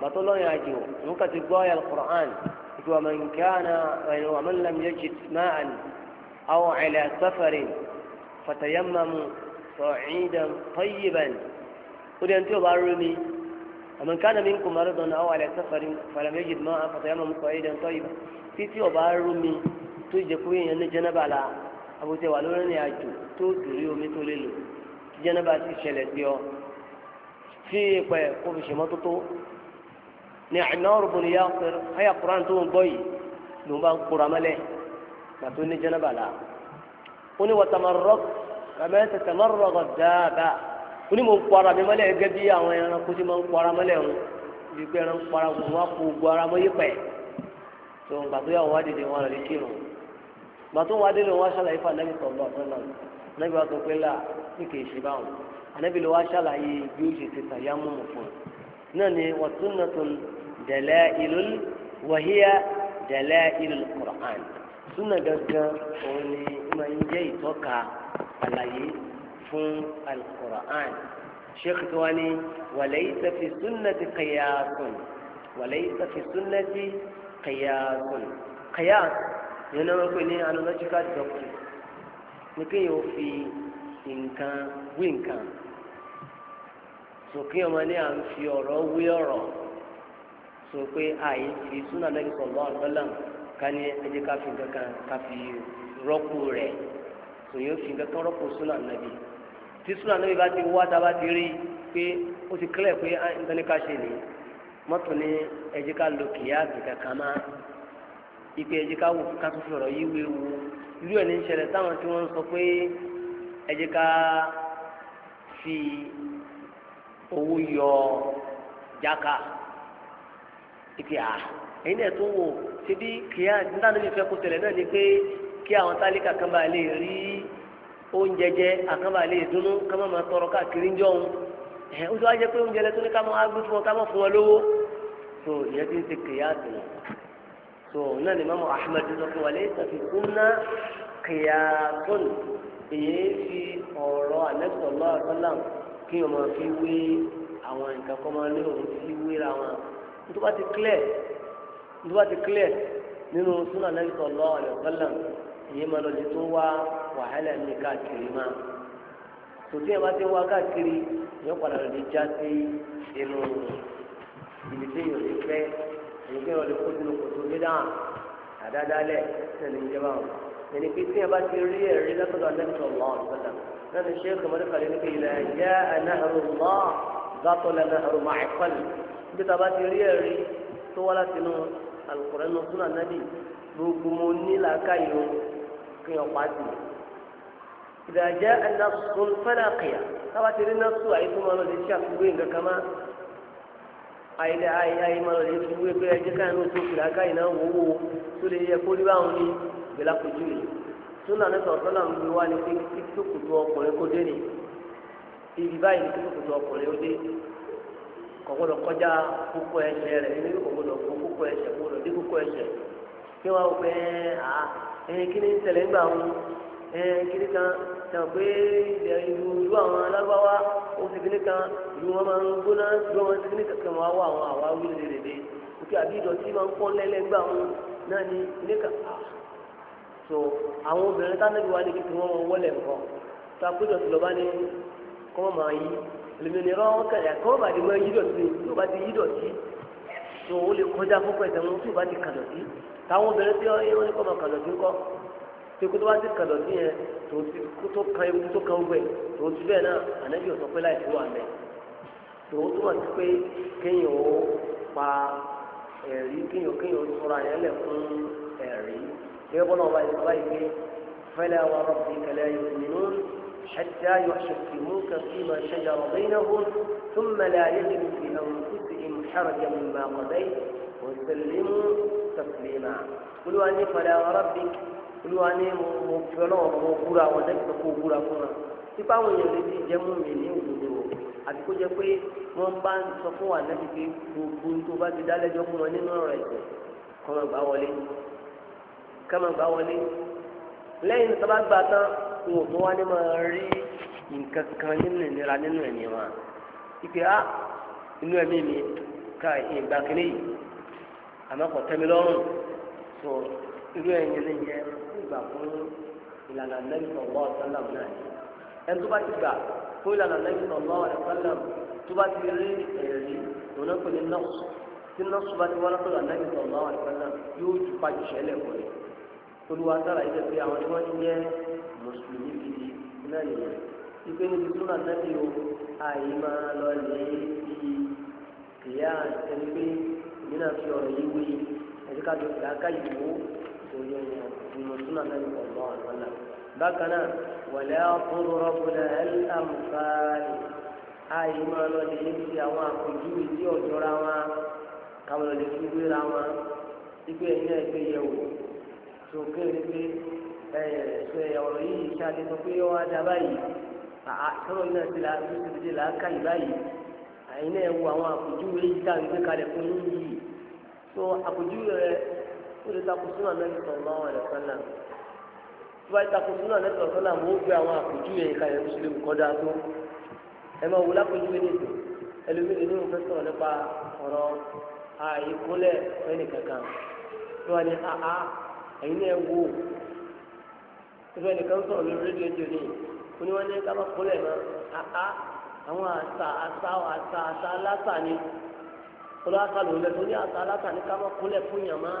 bàtọ́ lọ́rìn àjò nǹkan ti gbọ́ ayàl Qur'an ìgbà wa man kana wa man lam yajid ma'an aw ala safarin fatayammamu sa'idan tayyiban ó dẹ́n tí ó bá rú ni. ومن كان منكم مرضا أو على سفر فلم يجد ماء فتيمم صعيدا طيبا في في وبارومي tó jẹ pé èèyàn ní jẹnaba la àbòtẹ wà lórí ní àjò tó dùrí omi tó lè lò tí jẹnaba ti ṣẹlẹ̀ sí ọ fi ìpẹ kó fi ṣèmọ́tótó ní àìnáwó bò ní yá pẹ̀lú àyà kuran tó ń gbọ́ yìí ló ń bá ń kóra mọ́lẹ̀ nà tó ní jẹnaba la ó ní wàtàmọ́rọ́ kàmẹ́ tẹ̀tẹ̀mọ́rọ́ dáadáa oní mò ń kó ara mi mọ́lẹ̀ gẹ́gẹ́ bí àwọn ẹranko tí máa ń kó ara mọ́lẹ̀ ń bí pé ẹran kó ara wọn wá kó gbọ́ ara mọ́ yípẹ́ tó ń gbàgbé àwọn wádìí wọn rẹ̀ kírun gbà tó ń wá délé wọn ṣàlàyé fún anábì sọ̀rọ̀ àtọ́nà anábì wa sọ pé là ní kì í ṣe báwọn anábì ló wá ṣàlàyé bí ó ṣe ti tàyà múmu fún un náà ni wa sunnatun dalailul wa hiya dalailul Qur'an súnà gangan òun ni máa ń jẹ́ ìtọ́ka àlàyé fún alukur'an sheikh tó wá ní walaysa fi sunnati qiyasun walaysa fi sunnati qiyasun qiyas yẹn náà wọ́n pè ní analogical doctrine ní kéèyàn ó fi nǹkan wí nǹkan sòkè ọmọ ní à ń fi ọ̀rọ̀ wí ọ̀rọ̀ sọ pé àyè fi súnà lẹ́yìn sọ̀lọ́ àgbọ́làm ká ní ẹjẹ́ ká fi nǹkan ká fi rọ́pò rẹ̀ sòyìn ó fi nǹkan kan rọ́pò súnà nàbì tí súnà níbi bá ti wá dábàá ti rí pé ó ti kílẹ̀ pé ah, nǹkan ní ká ṣe nìyí mọ́tò ní ẹjẹ́ ká lo kìíyàsì kankan máa ipe ẹjẹ́ ká wò ká tó fi ọ̀rọ̀ yí wé wo irú ẹ̀ ní ń ṣẹlẹ̀ táwọn tí wọ́n ń sọ pé ẹjẹ́ ká fi owó yọ jáka ipe à ẹ̀yin ẹ̀ tó wò ṣe bí kìíyàsì nígbà tó fẹ́ kó tẹ̀lẹ̀ náà ni pé kí àwọn tálíkà kan bá lè rí oúnjẹ jẹ àkànbalẹ̀ ìdùnnú kàmá máa tọrọ káàkiri ńjọ òun ẹ̀ ó sọ wá jẹ pé oúnjẹ lẹ́tọ́ ní ká máa gbé fún ọ ká máa fún ọ lówó tó ìyẹn ti ń ṣe kìyàtì nù tó náà ni mamu ahmed sọ fún wa lè sàfi kúnná kìyàtún èyí fi ọ̀rọ̀ anẹ́sọ̀ lọ́wọ́ sọ́lá kí wọ́n fi wé àwọn nǹkan kọ́ máa lé òun fi wéra wọn nítorí bá ti clear nítorí bá ti clear nínú sunan anẹ́sọ̀ lọ́wọ́ sọ́lá ìyẹn máa lọ lè tó wá wàhálà ní káàkiri máa tòtí ẹ̀ bá ti wá káàkiri yóò padà lè já sí inú ibi tí yóò lè fẹ́ èyí tí yóò lè kó sínú kòtò dídá àdádálẹ̀ sẹ́ni ìjọba wọn. ẹni pé tí ẹ bá ti rí ẹ̀rí lọ́sọ̀dọ̀ anẹ́tọ̀ lọ́wọ́ ọ̀sọ̀dọ̀ náà ni ṣé kòmọ́tò kàlẹ́ ní kéyìí náà yá anáhàrú lọ́ gbàtọ̀ lẹ́nu àrùn máa ẹ̀kọ́ ni. níbi tá a bá ti rí ẹ̀rí tó wá láti inú alukóra inú súnà náà gbogbo mo ní làákàyè kí ọ̀pá sí إذا جاء نص فلا قيام تواتر النص أي ثم ما الشاف وين كما أي لا أي أي ما الشاف وين بيجي كانوا سوف لا كاينا وو سوري يقول باوني بلا كجوري سنة نسأل صلى الله عليه وسلم في كتب كتب كتب ibi báyìí ní kíkó tó ọkùnrin ó dé kò gbọ́dọ̀ kí wọn kiri kan tàn pé ìlú ìlú àwọn alágbáwá ó ti kiri kan ìlú wọn máa ń gbóná ìlú wọn ti kiri kankan wọn á wá àwọn àwa wí lédèdè òkè àbí ìdọ̀tí máa ń pọ́n lẹ́lẹ́gbà wọn náà ní ilé kan so àwọn obìnrin tánàbí wa ní kí wọn wọlé nǹkan tó àpéjọsí lọ́ba ní kọ́ máa yí lèmìnì rán kẹlẹ kọ́ bá di mọ́ yí dọ̀tí tó bá ti yí dọ̀tí tó o lè kọjá fún pẹ̀tẹ́ wọn tó bá ti kàdọ̀tí táwọn obìnrin tí wọ́n ní kọ́ kàdọ̀tí ńkọ́ tí kótó wá sí kàdọ̀ sí yẹn tó ti kótó kan ewu tó kan wẹ̀ tó ti bẹ́ẹ̀ náà ànábì ọ̀sán pé láì fún wa mẹ́ tó tó wà sí pé kéèyàn ó pa ẹ̀rí kéèyàn kéèyàn ó sọra yẹn lẹ̀ fún ẹ̀rí tí wọ́n náà wáyé wáyé pé fẹ́lẹ́ wa rọ̀bì kẹlẹ́ yóò nínú ṣẹ́jà yóò ṣèkì mú kẹfì máa ṣẹ́jà ọ̀gbẹ́ iná hó tún mẹ́lẹ́ ayé ti fi àwọn kùsì ìmùsàrọ̀jà mọ̀ olúwa ní mo fi ọlọ́wọ́ fún ogúra àwọn ẹ̀dẹ́gbẹ́ kó ogúra fún wa nípa àwọn èèyàn lè ti jẹ́ mú mi ní òdodo o àti kó jẹ́ pé wọ́n bá ń sọ fún wa lẹ́bi pé gbogbo tó bá ti dálẹ́jọ́ fún wọn nínú ọ̀rọ̀ ẹ̀sẹ̀ kọ́mọ gbá wọlé kọ́mọ gbá wọlé lẹ́yìn tó bá gbà tán wọn ò tó wá ní máa rí nǹkan kan nínú ìnira nínú ẹ̀mí wọn ìpè á ah, inú ẹ̀mí mi ká ìgbà kìnnìyì àmọ́ kò tẹ́mi lọ́rùn so irú ẹ̀yìn nìyẹn gbà fún ìlànà Nabi sallallahu alaihi wasallam náà ẹni tó bá ti gbà fún ìlànà Nabi sallallahu alaihi wasallam tó bá ti rí ẹ̀rí òun náà pè ní nọ́ọ̀sì tí nọ́ọ̀sì bá ti wá látọ̀dọ̀ Nabi sallallahu alaihi yóò ju pàjù sẹ́lẹ̀ wọlé olùwà sára yìí lẹ́pẹ́ àwọn ni wọ́n ti jẹ́ mùsùlùmí gidi náà nìyẹn ipe níbi tó náà nẹ́bí o àyè máa lọ lè fi kìyà ẹni pé èmi fi ọ̀rọ̀ yìí wí ẹ̀díkàdọ̀ ìdáká ìdìbò tó yẹ yẹn nínú súnà lẹ́nu ọ̀gbọ́n àgbọ̀nà bákan náà wọ̀lẹ́ ọ̀pọ̀lọ rọ́bùnà ẹ̀lẹ́mùfáàlì ààyè máa lọ lè fi àwọn àpèjúwe tí ọ̀jọ́ra wọn káwọn lè fi wéra wọn ìgbé ẹ̀yìn náà gbé yẹ̀wò tó kéde pé ẹ̀yẹ̀ ẹ̀yẹ̀ ọ̀rọ̀ yìí ṣáàdé sọ pé ó wá dá báyìí àtọ́rọ̀ náà ti la tó ti di làákà yìí báyìí àyìn náà wo àwọn àpèjúwe yìí tá à ń gbé kalẹ̀ fún yín yìí tó àpèjúwe rẹ̀ ó lè takò súnà nẹ́bí sọ̀rọ̀ àwọn ẹ̀rẹ̀ tí tó bá takò súnà sọ̀rọ̀ gbé àwọn àpèjúwe ìka yẹn sílé kọ́ tó ẹ máa wò lápèjúwe nìkan ẹlòmíì nínú fẹ́ sọ̀rọ̀ nípa ọ̀rọ̀ àìkúnlẹ̀ ní àhá ẹ̀yin náà wò ìfẹ́ nìkan sọ̀rọ̀ lórí rédíò ní ní kúnlẹ̀ àhá àwọn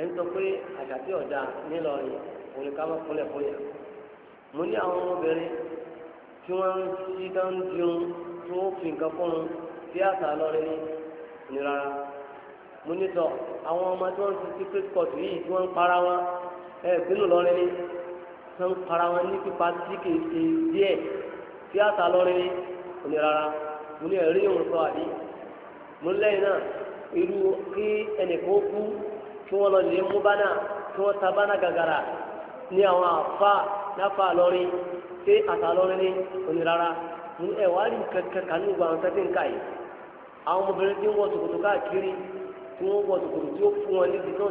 ẹ̀ ń sọ pé àṣàtì ọ̀dà nílọrin òun ni ká mọ̀ kúnlẹ̀ fún yà mo ní àwọn ọmọbìnrin tí wọ́n ń ṣí dáń dirun tí wọ́n fi nǹkan fún un bí àṣà lọ́rin ní rárá mo ní sọ àwọn ọmọ tí wọ́n ń ṣe secret yìí tí wọ́n ń para wọn ẹ̀ gbínú lọ́rin ní tí wọ́n ń para wọn ní pípa tí kì í ṣe díẹ̀ bí àṣà lọ́rin ní ní rárá mo ní ẹ̀rí òun sọ àdí mo lẹ́yìn náà irú kí ẹnìkan kú tí wọn lọ lè mú bánà kí wọn ta bánà gàgàrà ní àwọn àfa láfa ṣé ní onírara ní ẹ̀wá rí kankan kan ní ń kà yìí àwọn ọmọbìnrin tí ń wọ ṣòkòtò káàkiri tí wọ́n wọ ṣòkòtò tí ó fún wọn tí tó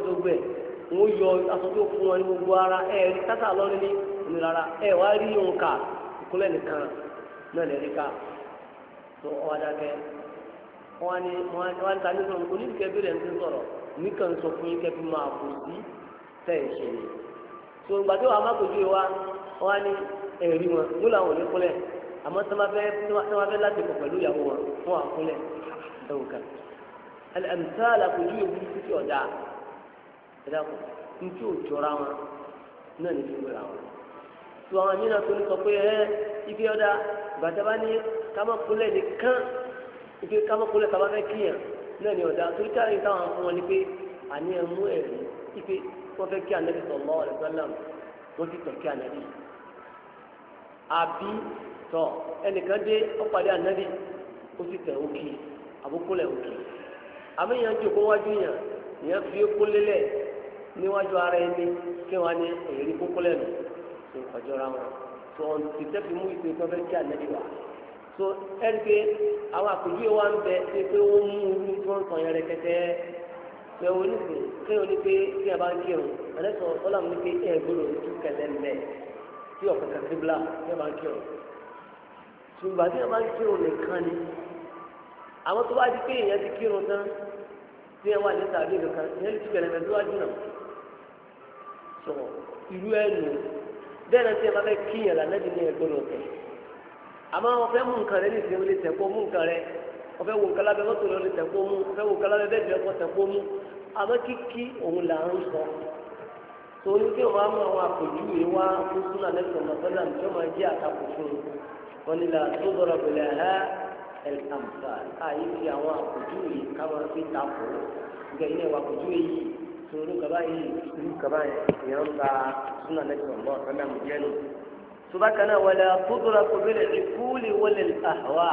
ara rí ní onírara rí òǹkà ìkúlẹ̀ nìkan nìkan sọ fún yín kẹfí máa kù sí tẹ̀yìn ṣe ni tó ìgbà tí wàá má kojú yìí wá wá ní ẹ̀rí wọn mú làwọn ò ní kúnlẹ̀ àmọ́ tí wọ́n fẹ́ láti pọ̀ pẹ̀lú ìyàwó wọn fún àkúnlẹ̀ ẹ̀wù kan àmìtáàlà kojú yìí wúlú títí ọ̀dà ẹ̀dá kù ntí ò jọra wọn náà ní fífi ra wọn tó àwọn àmì náà tó ní sọ pé ẹ ibi ọ̀dà gbàtà ní kámọ́kúnlẹ̀ nìkan ibi kámọ́kúnlẹ̀ kámọ́ kíyàn náà ni ọ̀dà torí káyọ̀ yìí táwọn fún wọn ni pé àní ẹ̀ mú ẹ̀rí sí pé wọ́n fẹ́ kí ànábì sọ̀lọ́ ọ̀rẹ́ sálàm wọ́n ti tọ̀ kí ànábì. àbí tọ̀ ẹnìkan dé ọ̀pàdé ànábì ó sì tẹ̀ òkè àbókólẹ̀ òkè. àmì yẹn ti kó wájú yàn yẹn fi kó lélẹ̀ níwájú ara ẹni kí wọ́n á ní èrí kókólẹ̀ nù tó kọjọ́ra wọn. tó ti tẹ́ fi mú ìpè tó fẹ́ kí ànábì wà so ẹni pé àwọn àpèjúwe wa ń bẹ ṣe pé ó mú un ní tí wọ́n ń sọ yẹn rẹ̀kẹ̀tẹ̀ bẹ́ẹ̀ wọ́n nífẹ̀ẹ́ kéwọn ní pé kí a bá ń kírun ẹlẹ́sọ̀ ọlọ́mù ní pé ẹ̀ gbọ́dọ̀ ojú kẹlẹ́ lẹ̀ tí ọ̀pẹ̀ kàtíbla kí a bá ń kírun ṣùgbọ́n tí a bá ń kírun nìkan ni àwọn tó bá di pé èèyàn ti kírun tán tí ẹ wà ní tàbí nìkan ìyẹn ti kẹlẹ́ mẹ́tọ́ wájú náà sọ ìlú ẹnu bẹ́ẹ̀ náà tí a bá fẹ́ kíyàn lànà àmọ́ wọn fẹ́ mú nǹkan rẹ ní ìsinmi lè tẹ̀kọ́ mú nǹkan rẹ wọn fẹ́ wo nǹkan lábẹ́ mọ́tò rẹ lè tẹ̀kọ́ mú wọn fẹ́ wo nǹkan lábẹ́ bẹ́ẹ̀ bẹ́ẹ̀ kọ́ tẹ̀kọ́ mú àmọ́ kíkí òun là ń sọ torí pé wọn á mú àwọn àpèjúwe wá fún súnà lẹ́sọ̀ mọ̀tọ́lá tí wọ́n máa jẹ́ àtakò fún wọn ni là tó dọ̀rọ̀ pẹ̀lẹ́ ẹ̀ ẹ̀ǹtàmùsà àyè fi àwọn àpèjúwe káwọn fi takò gẹ̀yìn ẹ̀wà àpèjúwe yìí torí subakana wala tudura kubile ikuli wale ahwa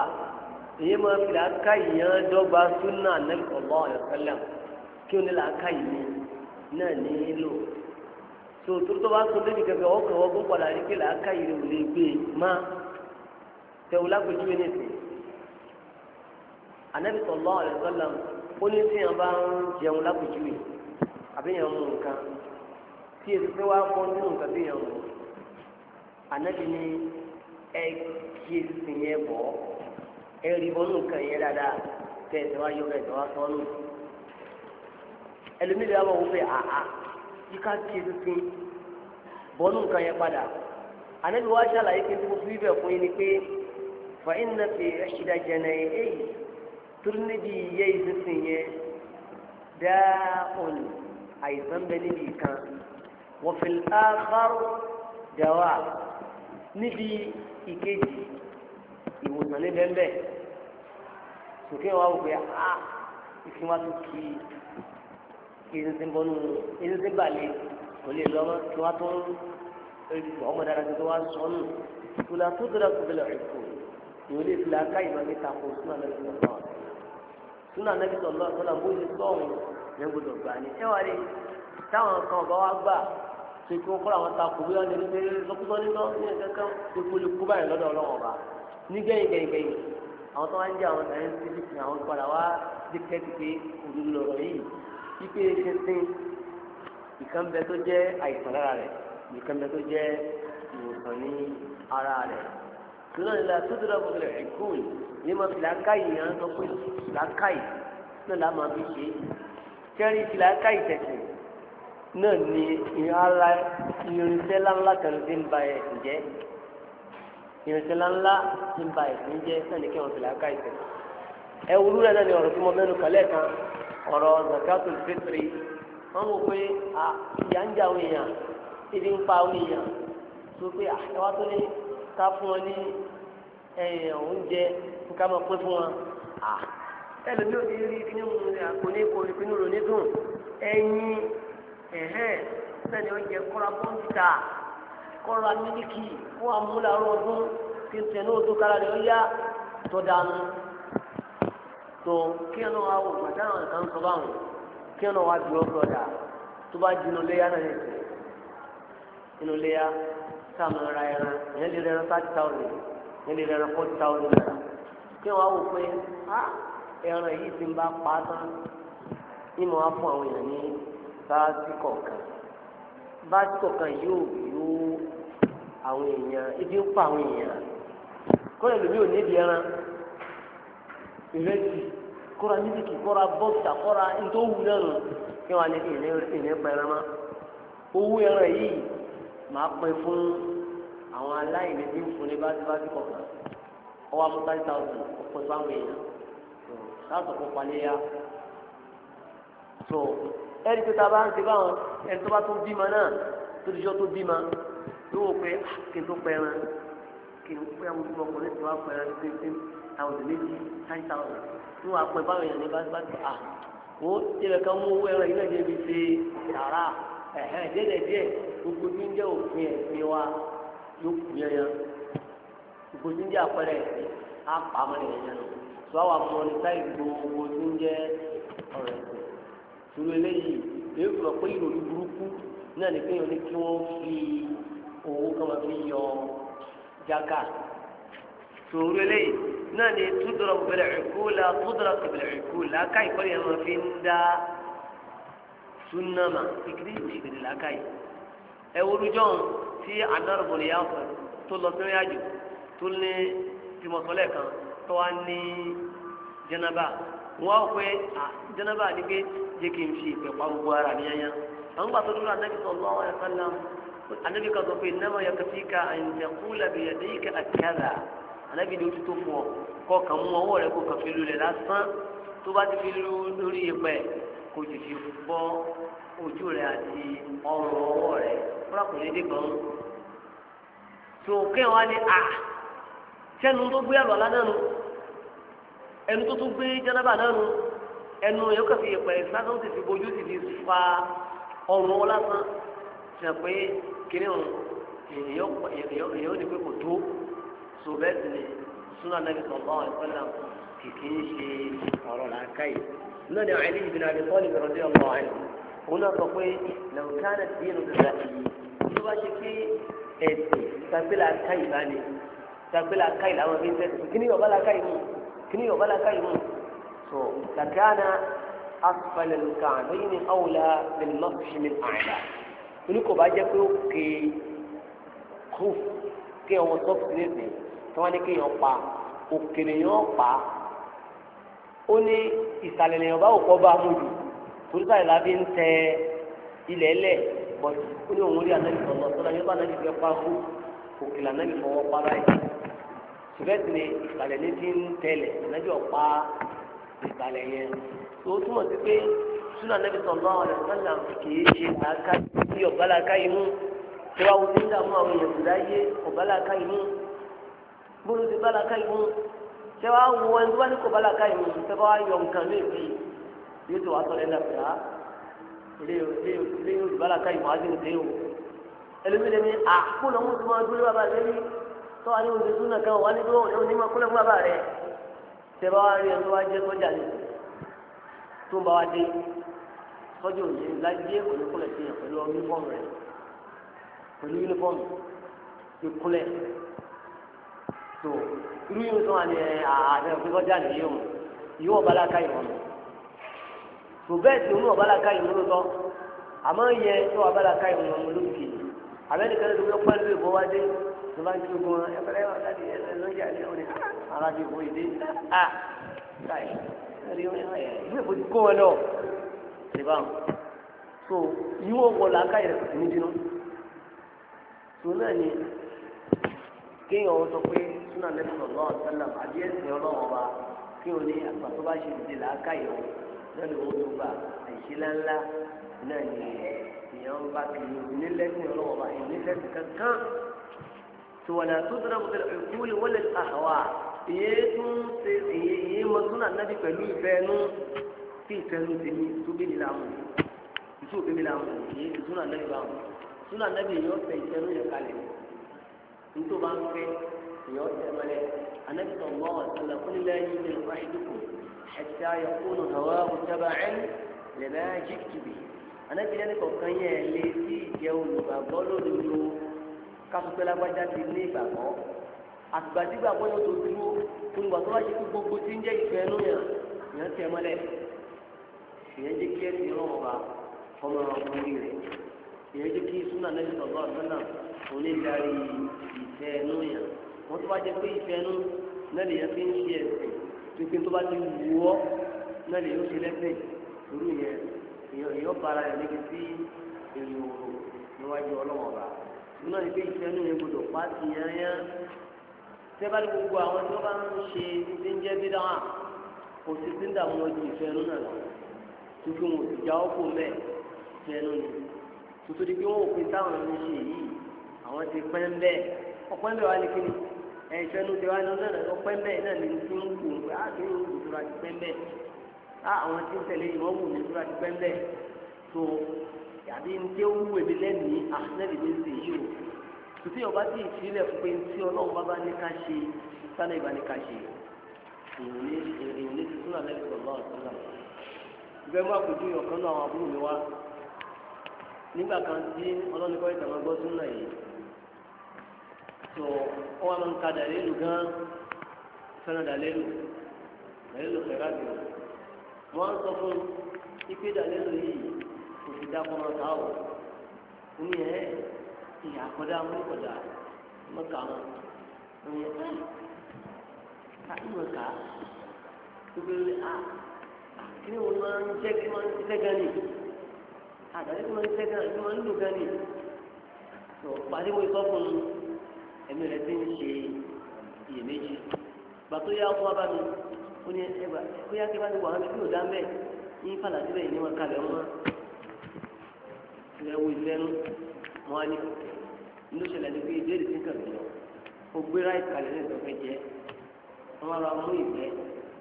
ìyẹn máa fi làákà yẹn dọ́gba sunna anabi sallallahu alaihi wasallam kí o ní làákà yìí náà nílò tó tó bá tó débi kẹfẹ ọkọ ọgbọn padà rí pé làákà yìí ò lè gbé má tẹwọ lágbèjú ẹni sí anabi sallallahu alaihi wasallam ó ní tí yẹn bá ń jẹun lágbèjú yìí àbí yẹn mú nǹkan tí èsì pé wàá mọ nínú nǹkan bí yẹn mú nǹkan anabi ni ẹ kí esi yẹn bọ̀ ẹ rí bọ́ nù kàn yẹn dáadáa tẹ ẹsẹ̀ wá yọ ẹ ẹsẹ̀ wá sọ nù ẹlòmíì lè wá wọ́n fẹ́ àhà yìí ká kí esi bọ́ nù kàn yẹn padà anabi wá ṣàlàyé kí n tó fi bẹ̀ fún yín ni pé fa iná fi ẹ̀ṣidá jẹnẹ èyí turu níbi yẹ ìsinsin yẹn dáa òní àìsàn bẹ níbi kan wọ́n fi áhàrò níbi ìkejì ìwòsàn ní bẹ́ẹ̀ sòkè wa wò pé a ah, ìfín wa tó kí kí ẹni tí ń bọ́nú ẹni tí ń bàlẹ̀ kò lè lọ́mọ kí wọ́n tó ọmọ dára tó wá sọnù ìtura tó dára tó bẹ̀rẹ̀ ẹ̀kọ́ ìwé lè fi làákà ìmọ̀ mi ta ko súnà nàbí sọ̀rọ̀ súnà nàbí sọ̀rọ̀ sọ̀rọ̀ bó ṣe sọ̀rọ̀ yẹn gbọdọ̀ gbà ní ẹwà rẹ̀ táwọn kan ọba wa gbà ṣe kí wọ́n kọ́ àwọn takò bí wọ́n lè ní bẹ́ẹ̀ lọ́kùtọ́ nítọ́ ní ẹ̀kẹ́ kan ṣe kó lè kú báyìí lọ́dọ̀ ọlọ́run ọba ní gẹ̀yìn gẹ̀yìn gẹ̀yìn àwọn tó wá ń jẹ́ àwọn scientific àwọn padà wá dìkẹ́tì pé òdodo lọ̀rọ̀ yìí pípé ṣe ń sìn ìkan bẹ tó jẹ́ àìsàn lára rẹ̀ ìkan bẹ tó jẹ́ ìwòsàn ní ara rẹ̀ lọ́nà ìlà tó dúró náà ni ìhàlá irinṣẹ́ ńláńlá kan ti ń ba ẹ̀ ǹjẹ́ irinṣẹ́ ńláńlá ti ń ba ẹ̀ ǹjẹ́ náà ni kí wọ́n fi làákà ìtẹ̀. ẹ wúlú rẹ náà ni ọ̀rọ̀ tí mo mẹ́nu kàlẹ́ kan ọ̀rọ̀ zakatul fitri wọ́n mọ̀ pé ìyá ń jà àwọn èèyàn ibi ń pa àwọn èèyàn tó pé àtẹwà tó ní ká fún wọn ní oúnjẹ ká máa pín fún wọn ẹlòmíràn ti rí kí ní mo rìn àpò ní kò rí kí ní rò ní dùn ẹyin. Ehe, sẹ́ni oúnjẹ kọ́ra pọ́ńtà kọ́ra mílíkì fún amúlárọ̀ ọdún kí tẹ̀lé odò kára rẹ̀ ó yá tó dànù tó kí ẹ̀ náà wò pàtẹ́ àwọn nǹkan sọ báwọn kí ẹ̀ náà bí ọkọ̀ dà tó bá di léyà náà yẹn inú léyà sáàmù ẹran ìyẹn lè ìyẹn lè naira kí ẹ̀ wò pé ẹran yìí ti ń bá pa á tán ìmọ̀ báàsì kọ̀ọ̀kan báàsì kọ̀ọ̀kan yóò yó àwọn èèyàn ibi ń pa àwọn èèyàn kọ́ ẹlòmíì ò níbi ẹran ìrẹsì kọ́ra mílíkì kọ́ra bọ́ọ̀sà kọ́ra ntòwú lẹ́nu kí wọ́n á ní ìrìn owó ẹran yìí pẹ́ fún àwọn aláìní ń ní kọ̀ọ̀kan ọwọ́ ọ̀pọ̀ èèyàn ẹni pé ta bá ń ṣe báwọn ẹni tó bá tó bímọ náà tó ti jọ tó bímọ yóò wò pé ah, kí n tó pẹran kí n pé àwọn ojúmọ ọkùnrin tó wá pẹran ní pé àwọn ọdún méjì táyì táwọn ní wàá pẹ báwọn èèyàn ní bá bá tó ah, à ó ìrẹ̀ kan mú owó ẹran yìí náà jẹ́ ṣe yàrá ẹ̀hẹ́ díẹ̀díẹ̀ gbogbo tí ń jẹ́ òfin ẹ̀sìn wa yóò kú yẹn gbogbo tí ń jẹ́ àpẹẹrẹ ẹ̀sìn á pa á irú eléyìí èyí kò lọ pé ìròyìn burúkú náà ní kéèyàn ní kí wọ́n fi owó kan máa fi yọ jágà tó irú eléyìí náà ní túdọ̀rọ̀ bẹ̀rẹ̀ ẹ̀kú la túdọ̀rọ̀ bẹ̀rẹ̀ ẹ̀kú làákà ìkọ́lé yẹn máa fi ń dá súnámà ìkíní ìṣèlérí làákà yìí ẹ wọlújọ́ tí anárùbọ̀lì yà fẹ́ tó lọ sí ìrìnàjò tó ní tìmọ̀sọ́lẹ̀ kan tó wá ní jẹnaba wọ́n wọ pé ah, jẹnaba ni pé jẹ́ kí n fi ìpè pa gbogbo ara ní ẹyán àwọn gbàtọ́ dúró anábì sallallahu alaihi wasallam anábì kan sọ pé innama yakfika an taqula biyadayka àkẹ́rà anábì ni ó ti tó fún ọ kọ́ kàn mú ọwọ́ rẹ kó kàn fi lulẹ̀ lásán tó bá ti fi lu lórí ìpẹ́ kó ti fi bọ́ ojú rẹ àti ọrùn ọwọ́ rẹ fúnra kò ní dé gbọ́n tó kéwọn á sẹ́nu tó gbé àlọ́ ẹnu yóò kàn fi ìpẹ̀lẹ̀ sáà ó sì fi bojú sì fi fa ọrùn lásán ṣe pé kiri ọ̀run èèyàn ní pé kò tó so bẹ́ẹ̀ sì ni súnà nàbì sọ̀rọ̀ àwọn ìpẹ́lẹ̀ kìkì ń ṣe ọ̀rọ̀ làákà yìí náà ni Ali ibn Abi Talib radiyallahu anhu òun náà sọ pé law kana ad-dinu lillahi tó bá ṣe pé ẹ̀sìn tàbí làákà yìí bá ní tàbí làákà yìí làwọn fi ń tẹ̀sí kí ni yọ̀bá làákà yìí mú kí ni yọ̀bá làákà yìí mú. لكان أسفل الكعبين أولى بالمطح من أعلى oníkò bá jẹ́ pé ó ké kú kí wọn sọ fún mi tí wọn ní kí yàn pa òkèlè yàn pa ó ní ìsàlẹ̀ lèyàn bá òkọ́ bá mú jù torí sàlẹ̀ la fi tẹ ilẹ̀ lẹ̀ bọ̀dù ó ní òun rí anáyì sọ̀tọ̀ sọ́dọ̀ yóò bá anáyì fẹ́ pa kú òkèlè anáyì fọwọ́ pa báyìí ṣùgbọ́n ìsàlẹ̀ ní ti ń tẹ̀lẹ̀ anáyì ọ̀pá ìsàlẹ̀ yẹn tó túmọ̀ sí pé súnà nẹ́bí sọ̀lá ọ̀rẹ́ sọ́là kìí ṣe àáká sí ọ̀bálàká imú tí wàá wọlé ń dààmú àwọn èèyàn ìdá yé ọ̀bálàká imú gbóló ti bálàká imú tí wàá wọ ẹni tó bá ní kò bálàká imú tí wàá yọ nǹkan ah, ní ìbí ah, yóò tó wàá sọ̀rọ̀ ẹ̀ dàbí rà ilé olùbálàká imú á ẹlòmílẹ̀ ni àkólọ́mù tó máa dúró bàbá rẹ̀ ní tọ́wá ní oṣù súnà kan tẹ́lá wá rí ẹni wá jẹ́ sọ́jà ni tó ń bá wa dé sọ́jà òní lájẹ́ òníkúnlẹ̀ sí yàn pẹ̀lú yúnífọ́ọ̀mù rẹ̀ pẹ̀lú yúnífọ́ọ̀mù ìkúnlẹ̀ tó irú yìí tó wà ní ààrẹ òfin sọ́jà nìyí o ìwọ ọ̀bálákà ìwọ̀n tó bẹ́ẹ̀ tí onú ọ̀bálákà ìwọ̀n ló tọ́ àmọ́ yẹ tó ọ̀bálákà ìwọ̀n ló kì í àbẹ́ni kẹ́lẹ́ tó bá jó gan ẹgbẹrẹ wà láti ẹgbẹ lọjà ní òní ara ti bọ ìdí a káyì ẹrí wọn ẹ ìwé ìbòjú kó wọn lọ ṣe bá wọn so ìwọ wọ làákàyè rẹ kò sí ní dínú tó náà ni kéèyàn sọ pé súnà lẹ́sìn ọ̀nà ọ̀sán àbí ẹ̀sìn ọlọ́wọ́ wa kí o ní àgbà tó bá ṣe ìdílé làákàyè o lẹ́nu owó tó gbà àìṣe ńláńlá náà ni èèyàn bá ti ní ọlọ́wọ́ wa ìní lẹ́sìn kankan. ولا تضرب بالعقول ولا الأهواء يتم يمسون النبي فلو فانو في فانو تني سبيل الأمر سبيل الأمر يسون النبي بام سون النبي يوسف يسون يكالي انتو بام في يوسف ملك النبي صلى الله عليه وسلم قل لا يؤمن أحدكم حتى يكون هواه تبعا لما جئت به النبي لأنك كان يلي في جو مبابلو kásùpẹ́ lágbájá ti ní ìgbàgbọ́ àtùgbà tí ìgbàgbọ́ yóò tó dúró tó ní wàtúrọ̀ ṣe kí gbogbo tí ń jẹ́ ìfẹ́ ẹnu yàn ìyẹn tẹ mọ́lẹ̀ ìyẹn jẹ́ kí ẹsìn rán ọba ọmọ ọkùnrin rẹ̀ ìyẹn jẹ́ kí súnà lẹ́yìn sọ̀gbọ́n àgbọ̀nà onídarí ìfẹ́ ẹnu yàn wọ́n tó bá jẹ́ pé ìfẹ́ ẹnu náà lè yẹn fi ń ṣe ẹ̀sìn pípín tó bá ti wù ọ́ náà lè yóò ṣe lẹ́sìn irú yẹn èèyàn bara ẹ̀ níbi tí èrò náà ní pé ìfẹ́ inú yẹn gbọdọ̀ pa ti yẹn yẹn sẹ́bàlì gbogbo àwọn tí wọ́n bá ń ṣe ti ń jẹ́ bídà hàn kò sí sí ń dààmú ọjọ́ ìfẹ́ inú náà lọ tuntun wọn ò sì já ọkọ mẹ́ ìfẹ́ inú ni tuntun di pé wọn ò pin táwọn ẹni ṣe yìí àwọn ti pẹ́ ń bẹ́ẹ̀ ọpẹ́ ń bẹ́ẹ̀ wá ní kíni ẹ̀ṣẹ́ inú ti wá ní ọ̀nà ọpẹ́ ń bẹ́ẹ̀ náà ní ti ń kù pé á kí ń dùn tó ti pẹ́ ń bẹ́ẹ̀ á àwọn tí ń tẹ̀lé ìwọ́n wù ní tó ti pẹ́ ń bẹ́ẹ̀ àbí ní tí ó wú èmi lẹ́nìí àfúnẹ́lì mi sì yí o tùtù yọba sì ìfilẹ̀ fún pé tí ọlọ́run bá bá ní ká ṣe sálẹ̀ ìbá ní ká ṣe èèyàn ní tuntun náà lẹ́yìn sọ̀rọ̀ náà sọ̀rọ̀ ìgbẹ́ mú àpòjú ọ̀kan náà àwọn àbúrò mi wá nígbà kan tí ọlọ́ni kọ́ ìtàn ọgbọ́n tún náà yìí tó ọwọ́ àwọn nǹkan dàlẹ́lù gan fẹ́ràn dàlẹ́lù dàlẹ́lù fẹ́ràn dàlẹ́lù wọ́n sọ fún ipe dàlẹ́lù yìí ìdá kọ́ máa ta ọ̀ omi ẹ̀ ìyá àkọ́dá mú ìkọ̀dá mọ́kà mọ́ omi ká ìmọ̀ gbogbo ẹ̀ á kí máa ń jẹ́ kí máa ń tẹ́ gan àdáyé kí ń tẹ́ kí ń lò ti ń ṣe iyèméjì gbàtó yá bá mi ó ní kó yá kí ti wà á mi kí dá ní ni ẹwọ ìlẹ́nu wọn ni inú ṣẹlẹ̀ ní pé ìbéèrè tí ń kàn mí lọ ó gbé ráìtì kalẹ̀ ní ìtọ́fẹ́ jẹ wọn lọ mú ìgbẹ́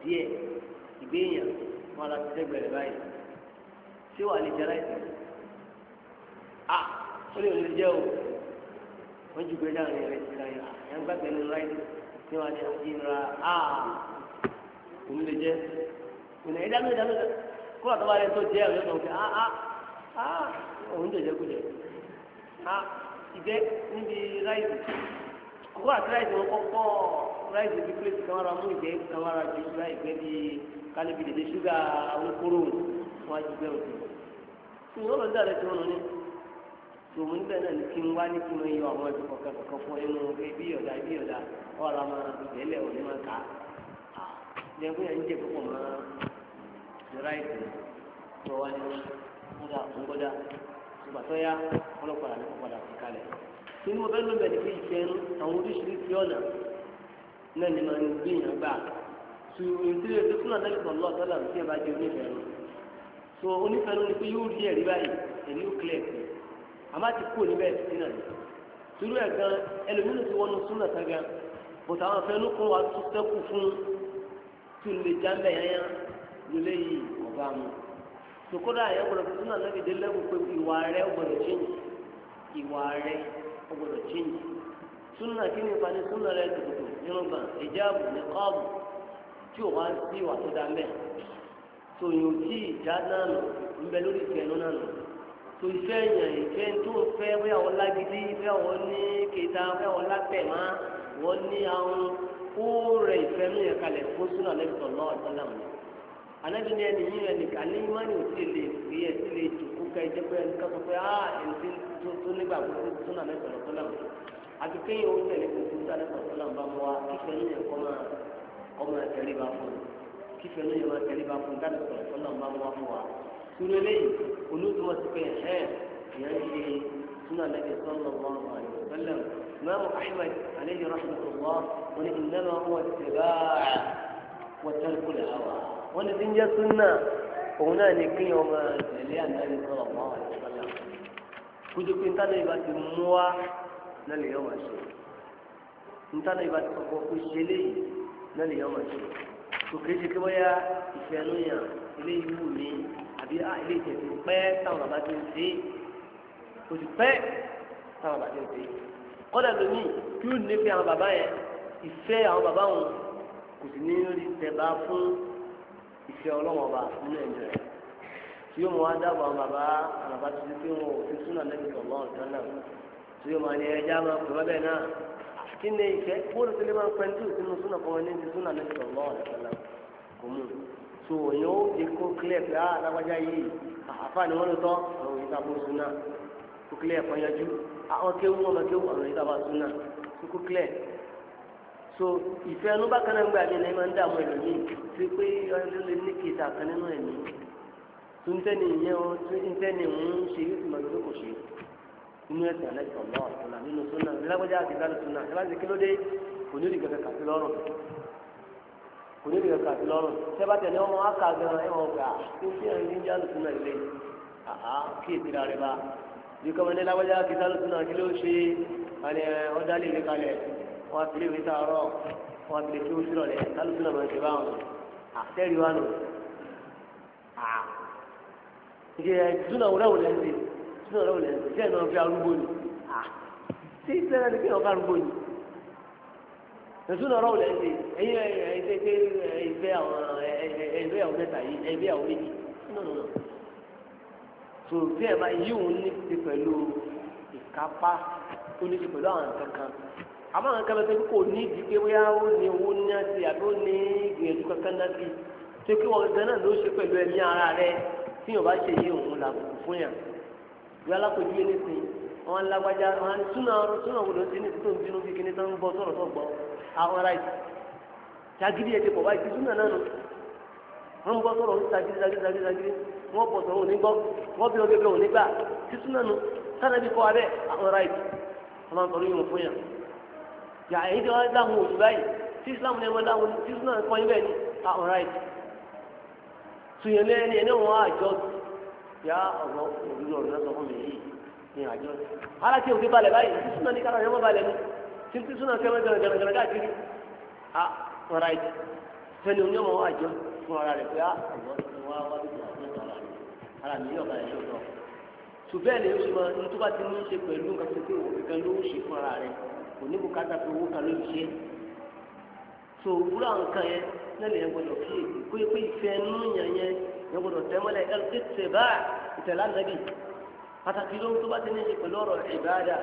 díẹ̀ ìgbéyàn wọn lọ ti dẹ́gbẹ̀rẹ̀ báyìí tí wàá lè jẹ ráìtì à ó lè lè jẹ o wọn ju gbé dáhùn rẹ sí láyé yẹn gbàgbé nínú ráìtì tí wọn lè ti ra à òun lè jẹ òun lè dáná dáná kó àtọ́wálé tó jẹ òun lè tó kẹ ah, ah, ah òun jẹjẹkujẹ ha ìgbẹ́ níbi ráìsì ọkọ àti ráìsì wọn kọ́kọ́ ráìsì bíi pírẹ́sì kan wàrà mú ìgbẹ́ kan wàrà ju ṣúgà ìgbẹ́ bíi kálíbi dèdè ṣúgà olókóró wọn ju bẹ́ẹ̀ òtún tí wọn lọ dára tí wọn ní tòun níbẹ̀ náà ní kí n wá ní kí n yọ àwọn ẹbí kọ̀ọ̀kan kọ̀ọ̀kan fún ẹnu ọ̀gá ibi ọ̀dà ibi ọ̀dà ọ̀rọ̀ àmọ́ ìgbẹ́lẹ̀ òní máa kà á lẹ́gbẹ́ yẹn ń jẹ́ púpọ̀ mọ́ ráìsì tó wá ní ọ̀dà ọ̀gbọ́dà ìgbà tó yá wọn lọ padà lọ padà sí kalẹ̀ nínú ọbẹ̀ ló bẹ̀rẹ̀ pé ìfẹ́ àwọn oríṣiríṣi ọ̀nà náà ni máa ń gbé yàn gbà tu o tó fún àtàlẹ́ sọ̀rọ̀ lọ́wọ́ sọ́lá tí ẹ bá jẹ onífẹ̀ẹ́ lọ so onífẹ̀ẹ́ ló ní pé yóò rí ẹ̀rí báyìí ẹ̀rí ó kílẹ̀ ẹ̀sìn àmọ́ àti kúrò níbẹ̀ sí náà turu ẹ̀ gan ẹlòmínú ti wọnú súnà sága bùtà àwọn afẹ́ sokoda yẹ gbọ́dọ̀ fi sunu anabi de lẹbu pé ìwà rẹ gbọ́dọ̀ change ìwà rẹ gbọ́dọ̀ change sunu náà kí ni ìfani sunu rẹ dòdò nínú gan ìjáàbù ní kọ́ọ̀bù tí o wá sí ìwà tó dá mẹ́ tòyìn tí ìjà náà nù ńbẹ lórí ìfẹ́nu náà nù tó ìfẹ́ yẹn ìfẹ́ tó fẹ́ bóyá wọn lágídí bóyá wọn ní kéta bóyá wọn lápẹ̀má wọn ní àwọn kó rẹ ìfẹ́nu yẹn kalẹ̀ fún sunu anabi sọ̀rọ̀ náà anabi ní ẹni yín ẹni kàlí imáni ò sì lè fi ẹ sì lè jòkó ká ẹ jẹ pé ẹni ká sọ pé á ah, ẹni tó tó nígbà gbogbo tó nà mẹsàn án sọlá wọn àti kéèyàn ó tẹ̀lé gbogbo tó nà mẹsàn án sọlá wọn bá mọ wa kífẹ́ ní yẹn kọ́ máa kọ́ máa tẹ̀lé bá fún un kífẹ́ ní yẹn máa tẹ̀lé bá fún un dáná sọlá sọlá wọn bá mọ wa fún wa. sùrù eléyìí olóòtúmọ̀ sí pé ẹ̀ ìyá ń ṣe súnà lẹ́bi sọ́nà wọn wọ́n ní ti ń jẹ́ súnà òun náà ní kéèyàn ọmọ ìtẹ̀lé àdáyé sọ̀rọ̀ mọ́ àwọn ìṣẹ̀lẹ̀ kójú pé ntánà ìbá ti mú wa náà lè yọ ọmọ ṣe ntánà ìbá ti kọ̀kọ́ kó ṣe léyìí náà lè yọ ọmọ ṣe kò kéé ṣe kí wọ́n yá ìfẹ́ ló yàn ilé ìwú mi àbí ilé ìtẹ̀sí pẹ́ táwọn bàbá ti ń ṣe kò sì pẹ́ táwọn bàbá ti ń ṣe kọ́dà lómi kí ó nífẹ̀ẹ́ àwọn bàbá yẹn ìfẹ́ àwọn bàbá wọn kò sì ní rí tẹ̀ bá fún ìfẹ́ ọlọ́wọ́n bá nínú ẹ̀mí rẹ̀ tí yóò mọ wá dábọ̀ àwọn bàbá àbàbà tuntun tí wọn ò fi súnà lẹ́yìn tọ̀lọ́ ọ̀tán náà tí yóò máa ní ẹja máa pè wọ́n bẹ́ẹ̀ náà kí ni ìfẹ́ bóòlù tó lè máa pẹ́ tí òsínú súnà kan ní ti súnà lẹ́yìn tọ̀lọ́ ọ̀tán náà kò mú so èyàn ó di kó clear pé ah alágbájá yìí àfa ni wọ́n lò tọ́ àwọn òyìn tá a bó súnà kó clear kan súnà kó clear so ìfẹ́ ẹnu bá kanáà ń gbà mí ní máa ń dààmú ẹlòmíì fi pé ọdún lè ní kìtà kan nínú ẹ̀mí tó ń tẹ́ni ìyẹn o tó ń tẹ́ni ń ṣe yóò ti máa gbé kò ṣe inú ẹ̀sìn alẹ́ sọ̀rọ̀ náà ọ̀tọ̀là nínú súnà ìlágbájá àti ìdáná súnà ẹ bá ti kí ló dé kò ní ìdìgbà kàkà sí lọ́rùn kò ní ìdìgbà kàkà sí lọ́rùn tẹ́ bá tẹ̀lé ọmọ aka gan ẹ̀ wọ́n gbà ah, kí ṣé ẹ̀rín ní ìdáná súnà ilé àhá kí èsì rà rẹ̀ bá bí kọ́mọdé lágbájá àti ìdáná súnà kí ló ṣe ọ̀dálẹ̀ ìlẹ́kalẹ̀ wọ́n ti lé wíta ọ̀rọ̀ wọ́n ti lè fi oṣù lọ́lẹ̀ kálukú náà máa ń ṣe báwọn àtẹ́rì wa nù. ǹjẹ́ ìdúnà wọlé wọlé ń ṣe ìdúnà wọlé wọlé ń ṣe ìṣẹ́ náà fi arúgbó ni tí ìṣẹ́ra ni kéèyàn fi arúgbó ni ìdúnà wọlé wọlé ń ṣe ẹ̀yìn ẹ̀yìn ẹ̀yìn àwọn mẹ́ta yìí ẹ̀yìn àwọn méjì tò bí ẹ̀ bá yíwùn ní ti pẹ̀lú ìkápá tó ní ti pẹ̀lú àwọn kankan àmọ́ àwọn kan bẹ tẹ́lẹ̀ kò ní ìdí pé bóyá ó ní owó ní àti àbí ó ní ìgbìyànjú kankan náà bí tó kí wọn gan náà ló ṣe pẹ̀lú ẹ̀mí ara rẹ tí yóò bá ṣe yé òun là fún yàn bí alákòjú yé ní sìn wọn lágbájá wọn túnà túnà wò ló ti ní tó bínú bí kíní tó ń bọ sọ̀rọ̀ tó àwọn ará ìsìn ṣàgídí ẹ̀ ti pọ̀ báyìí túnà náà nù wọn ń bọ sọ̀rọ̀ ń ṣàgídí ṣàgídí ṣàgídí ṣàgídí wọn bọ sọ̀rọ̀ òní gbọ́ wọn bí wọn bẹ bẹ òní gbà títúnà nù sáré bí kọ́ abẹ́ àwọn ará ìsìn wọn máa ń sọ̀rọ̀ yàrá èyí tí wọ́n láwọn òṣù báyìí tí islam ní ẹ̀mọ́ láwọn tí islam kọ́ ibẹ̀ ni ah alright tuyẹ̀lẹ́ ẹni ẹni wọn àjọ yá ọ̀rọ̀ òdúró ọ̀rọ̀ náà sọ fún mi yìí ní àjọ aláṣẹ òkè balẹ̀ báyìí tí islam ní kára ẹ̀mọ́ balẹ̀ ni tí islam kẹ́mẹ́ gẹ̀rẹ́gẹ̀rẹ́ káàkiri ah alright fẹ́ni oní ọmọ àjọ fún ara rẹ̀ pé ah ọ̀rọ̀ wọn wá bí ara mi yóò bá yẹn lọ́dọ̀ ṣùgbọ́n ẹ̀ lè ṣe máa ní tó bá ti ní í ṣe pẹ̀lú nǹkan tó pé òkè kan ló ń ṣe fún ara rẹ̀ kò ní bùkátà pé owó kan ló ṣe so wúlò àwọn kan yẹn lẹ́nu yẹn gbọdọ̀ kí pé pé ìfẹ́ nínú yẹn yẹn yẹn gbọdọ̀ tẹ́mọ́lẹ̀ ẹ ẹ tẹ̀ bá ìtẹ̀lá nàbì pàtàkì ló ń tó bá ti ní ṣe pẹ̀lú ọ̀rọ̀ ìbáàdà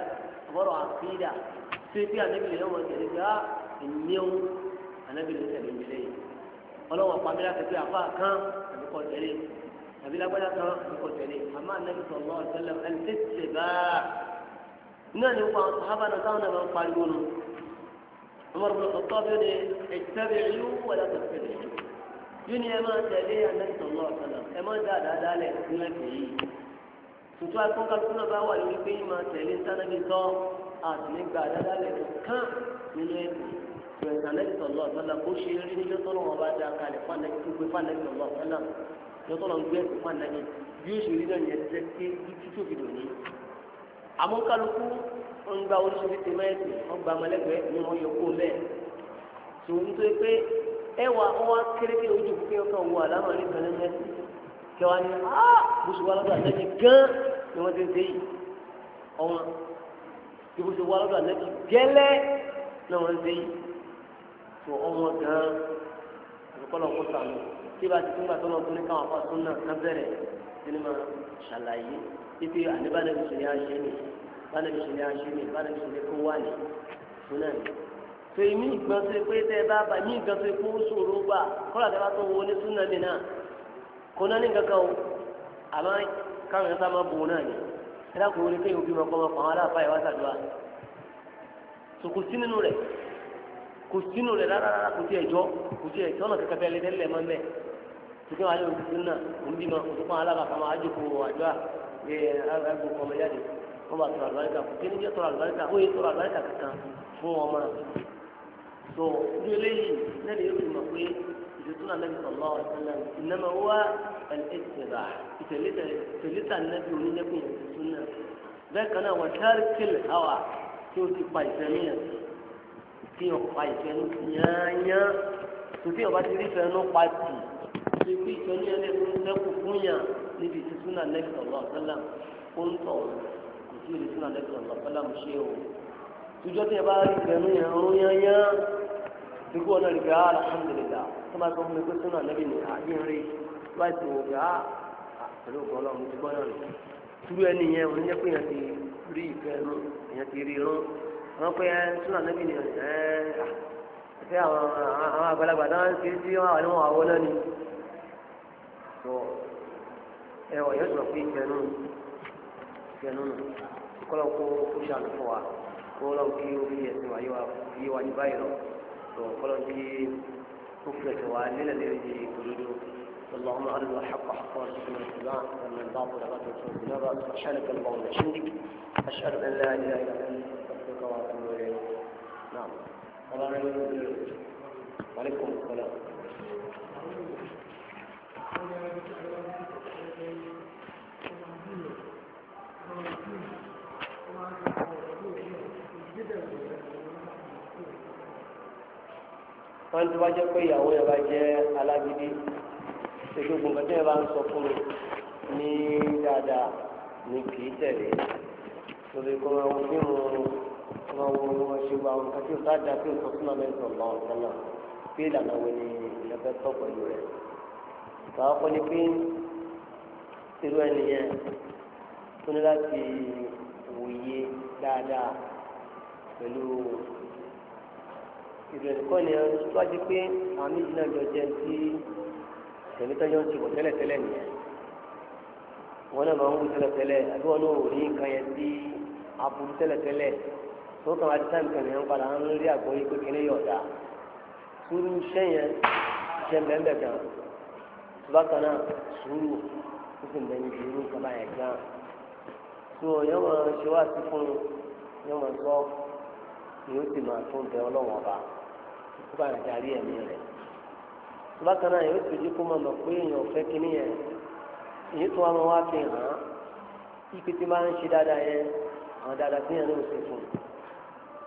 ọ̀rọ̀ àkídà tó ti ànábì lè lọ́wọ́ tẹ̀lé gbá ah, ènìyàn ànábì lè tẹ̀lé ìgbélé yìí ọlọ́wọ́ pàmílá tẹ̀lé àfa kan àbíkọ tẹ̀lé àbílágbádá kan àbíkọ tẹ̀lé àmọ́ ànábì sọ̀rọ̀ ọ̀tẹ́lẹ̀ náà ni wọn sàhábà náà táwọn náà máa ń pariwo nù ọmọ rẹ kò tọ́ bí ó ní ìtẹ́bí ìlú wọlé tó fi lè yóò ní ẹ máa tẹ̀lé anẹ́tọ̀ lọ ọ̀sán ẹ máa dá àdáadáa lẹ̀ nínú ẹ̀sìn yìí tuntun akọ́kọ́ náà bá wà lórí pé yín máa tẹ̀lé sánábì tọ́ àtúnígbà àdáadáa lẹ̀ kán nínú ẹ̀sìn ìrẹsì anẹ́tọ̀ lọ ọ̀sán kó ṣe rí níjọ́ tó lọ́wọ́ bá dá kalẹ̀ fánẹ́tọ̀ lọ ọ̀sán náà àmúkálukú ń gba oríṣiríṣi mẹ́ẹ̀tì wọ́n gba mọ́lẹ́gbẹ̀ẹ́ ni wọ́n yọ kó lẹ̀ tòun tó pé ẹwà wọn kéré kí ojú kí ọkàn wọ àlámà ní kan nínú ẹsẹ̀ kẹwàá ni bùsù wà lọ́dọ̀ àtẹ́jì gán ni wọ́n ti ń sèyí ọ̀wọ́n ìbùsù wà lọ́dọ̀ àtẹ́jì gẹ́lẹ́ ni wọ́n ń sèyí tó ọ̀wọ́n gán ìrùkọ́lọ̀ kó sànù tí bá ti tún gbà tó lọ fún ní káwọn afọ́ àtúnná náà bẹ̀rẹ̀ sinimá ṣàlàyé ibi àníbàdàn ìṣẹ̀lẹ̀ àṣẹ ni bàdàn ìṣẹ̀lẹ̀ àṣẹ ni bàdàn ìṣẹ̀lẹ̀ kó wà ní fúnà ní. tó ìmí ìgbọ́n tó pé tẹ́ bá bá ìmí ìgbọ́n tó kó sòrò gbà kọ́lá tẹ́ bá tó wọ ní mi náà kó náà kankan o àmọ́ káwọn yẹn sá bò náà ni ẹ̀dá kò wọlé kéwòn bí mọ̀kọ́ mọ̀kọ́ àwọn aláàfáà yẹn wá sàdúrà tó kò sí nínú rẹ̀ kò sínú rẹ̀ rárá rárá kò tiẹ̀ jọ kò tiẹ̀ jọ náà kẹkẹ bẹ́ẹ̀ lẹ́tẹ̀lẹ́ mọ́ mẹ́ tuntun alẹ́ òkú náà òun bí ma òtún kan alábàákan máa jókòó àjọ ẹgbẹ́ ọmọ jáde wọ́n bá tọrọ àlùbáríkà fún kí ni jẹ́ tọrọ àlùbáríkà ó yẹ tọrọ àlùbáríkà kankan fún ọmọ rẹ̀ tó ní eléyìí náà lè rí mọ̀ pé ìṣètò náà lẹ́yìn sọ̀lá ọ̀sẹ̀lẹ̀ ìnáma wá ẹ̀ẹ́dẹ̀gbà ìtẹ̀lẹ́tà nẹ́bí oníjẹ́kùn yẹn ti sún náà bẹ́ẹ̀ kan náà wọ́n sáré kílè àwà tí ó ti pa ìfẹ́ níyàn tí ó pa ìfẹ́ ní yányá tó tí ọba ti rí ìfẹ́ ní pa tì tó ti Suna nẹ́ẹ̀sì ọ̀lọ́ ọ̀sẹ́lá ó ń tọ̀ kò sí ìlú súnà nẹ́ẹ̀sì ọ̀lọ́ ọ̀sẹ́lá mo ṣe o tujọ́ tẹ bá rí ìgbẹ́nu yẹn ọ̀run yẹn yẹn dùkú ọ̀nà rí gbà ah, alhamdulilá tó máa gbọ́ fún mi pé súnà nẹ́bí ni àyè ah, rí láì tó wọ̀ gbà ah, pẹ̀lú ògbọ́n ọlọ́run mo ti gbọ́ yàn rí turu ẹni yẹn òun yẹ pé yẹn ti rí ìgbẹ́nu yẹn ti rí irun wọn pé eh, súnà nẹ́bí ni ẹ̀ eh, ẹ̀ àwọn àgbàlagbà náà ń ṣe tí wọn àwọn àwọn náà ni. ẹwà yóò sọ pé ìfẹnú ìfẹnú nù kọlọ kó kó sànù fún wa kó lọ kí ó fi ẹsìn wa yé wa jù اللهم أرنا الحق حقا وارزقنا اتباعه ومن الباطل باطلا وارزقنا اجتنابه أشهدك اللهم وبحمدك أشهد أن لا إله إلا أنت أستغفرك وأتوب إليك نعم السلام عليكم وعليكم السلام wọn ti wá jẹ́ pé ìyàwó yẹn bá jẹ́ alágídí ṣètò gbogbo tí yẹn bá ń sọ fún mi ní dáadáa ni kì í tẹ̀lé lórí kó máa wo fíìmù kó máa wo wọn ṣe wá wọn kàtí òtá dáa pé òtún fún àmì ìtàn lọ ọ̀sán náà pé ìlànà wo ni ìlọ́fẹ́ tọ́ pẹ̀lú rẹ̀ báwọn kọ́ pé irú ẹni yẹn tó ní láti wòye dáadáa pẹ̀lú ìbẹ̀rù kọ́ ni ẹni tó wájú pé àwọn méjì náà jọ jẹ́ ti tẹ̀mí tọ́jú ń ṣubọ̀ tẹ́lẹ̀tẹ́lẹ̀ nìyẹn wọn náà máa ń wú tẹ́lẹ̀tẹ́lẹ̀ àbí wọn náà ò rí nǹkan yẹn sí aburú tẹ́lẹ̀tẹ́lẹ̀ tó kàn wá táìmù kan yẹn ń padà ń rí àgbọ̀ yìí pé kíní yọ̀ọ̀dà sùúrù iṣẹ́ yẹn ṣe bẹ́ẹ̀ gan bákan náà sùúrù ó sì bẹ́ẹ̀ níbi irú nǹkan báyẹn gan tó yẹn máa ṣe wá sí fún yẹn máa sọ ni sì máa tún bẹ ọlọ́wọ́n ọba. kó bá darí ẹ̀mí rẹ̀ bákan náà yóò tó di kó máa mọ̀ pé èèyàn fẹ́ kínní yẹn èyí tó wá máa wá fi hàn án ipe tí máa ń ṣe dáadáa yẹn àwọn dáadáa tí yẹn náà ṣe fún un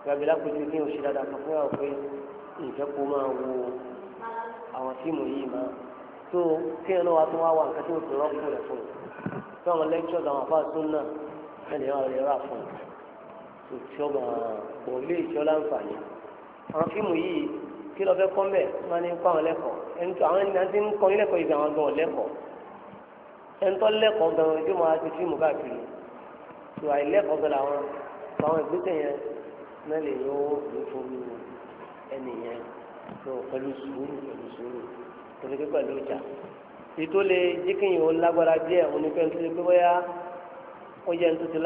gbàgbé lápẹjù kí yẹn dáadáa kan fún yàrá pé ìfẹ́ kó máa wo àwọn fíìmù yìí tó náà wá tó wá wà nǹkan tí fi rọ́pò rẹ̀ fún un àwọn àwọn tó ń ẹ̀ lè rà fún un tí ó àwọn fíìmù yìí kí lọ́ọ́ fẹ́ kọ́ mbẹ́ máa ní kọ́ àwọn lẹ́kọ̀ọ́ ẹni tó àwọn ènìyàn ti ń kọ́ ilé ẹ̀kọ́ yìí gan gan lẹ́kọ̀ọ́ ẹni tó lẹ́kọ̀ọ́ gan ojú máa ti fíìmù káàkiri tó àìlẹ́kọ̀ọ́ gan làwọn àwọn ìgbésẹ̀ yẹn náà lè yọ owó fún ẹni yẹn tó pẹ̀lú sùúrù pẹ̀lú sùúrù pẹ̀lú pẹ̀lú ìjà ètò lè jẹ́ kí yìí ó lágbára díẹ̀ òun ni pé ń tó lè pé bóyá ó jẹ́ ń tó ti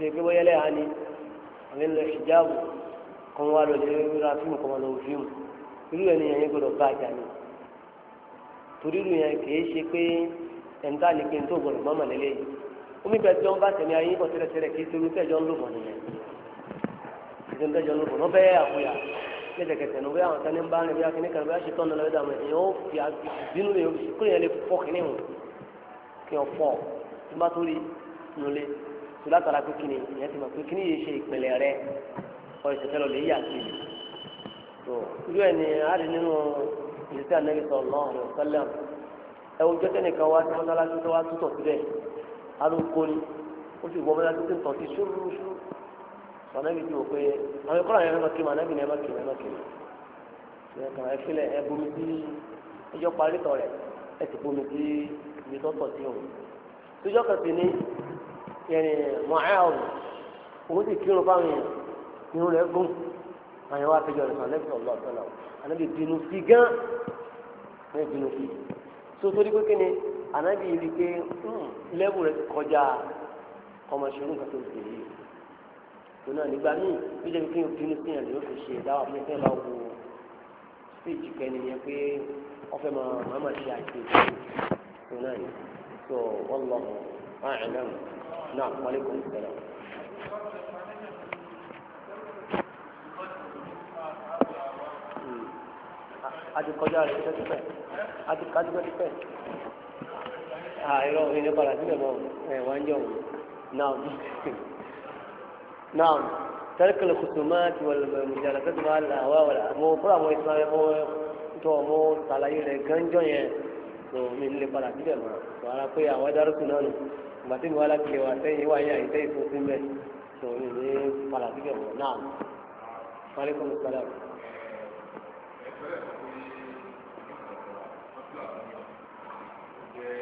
lè pé bóyá ni àmì wọn wá lọ sí ra fíìmù kọ́ máa lọ fíìmù irú ẹni yẹn gbọdọ̀ bá àjà ni torí irú yẹn kìí ṣe pé ẹ̀ńtà lè pe tó gbọdọ̀ mọ́mọ́ lélẹ̀ yìí omi bẹ́ẹ̀ jọ ń bá tẹ̀lé ayé bọ̀ tẹ́lẹ̀tẹ́lẹ̀ kìí ṣe omi tẹ́jọ́ ń lò bọ̀ nìyẹn kìí ṣe tẹ́jọ́ ń lò bọ̀ náà bẹ́ẹ̀ àkúyà ní bóyá àwọn sani ń bá ní bóyá kíní bóyá ṣe tọ́nu lọ́wọ́ dàmú ọ ìṣẹ̀kẹ́ lọ lè yà sí i tó irú ẹ̀ ni a rí nínú ìṣẹ̀kẹ́ ànábì sallallahu alaihi wasallam ẹ wo jọ́tẹ́ nìkan wá sí mọ́sálásí tó wá tútọ̀ síbẹ̀ arúgbó ni ó sì wọ́n mọ́sálásí tó ń tọ̀ sí ṣúrúṣú ànábì ti wò pé àwọn ìkọ́lá yẹn máa kí mi ànábì ni ẹ máa kí mi ẹ máa kí mi ẹ ẹjọ́ irun rẹ̀ gùn àwọn ìwà àfẹjọ rẹ̀ sàn lẹ́sìn ọ̀lọ́ ọ̀tọ́lá ànábì bínú sí gán ní bínú sí so torí pé kíni ànábì rí i pé hmm, lẹ́bù rẹ̀ ti kọjá ọmọ ìṣòro nǹkan tó ń tẹ̀lé yìí tó náà nígbà míì bí jẹ́ kí n bínú sí yàn lóò fi ṣe ìdáwà fún ẹgbẹ́ bá wo stage kẹ́ni yẹn pé ọfẹ́ máa máa máa ṣe àìsè tó náà yìí so wọ́n lọ àìlẹ́mù náà wọ́n lè kọ́ ìṣẹ̀lẹ̀ wọn. àti kọjá rẹ̀ tipẹ́tipẹ́ àti ká tipẹ́tipẹ́. àìrọ ìrìn padà sílẹ̀ mọ́ ẹ̀ wá ń jọ òun náà náà tẹ́lẹ̀kẹ́lẹ̀ kùtù máa ti wà lọ́wọ́ ìjà lọ́sẹ̀ tó máa là wà wà mo fúra àwọn ìsìlámẹ́ mo tọ́ mo sàlàyé rẹ̀ gánjọ́ yẹn tó mi lè padà sílẹ̀ mọ́ wàrà pé àwọn dárúkú náà nù gbàtí mi wà láti lè wà sẹ́yìn wáyé àyíṣẹ́ ìfúnfún bẹ́ẹ̀ tó mi lè padà sílẹ̀ mọ́ náà. Wa alaikum salaam. ṣe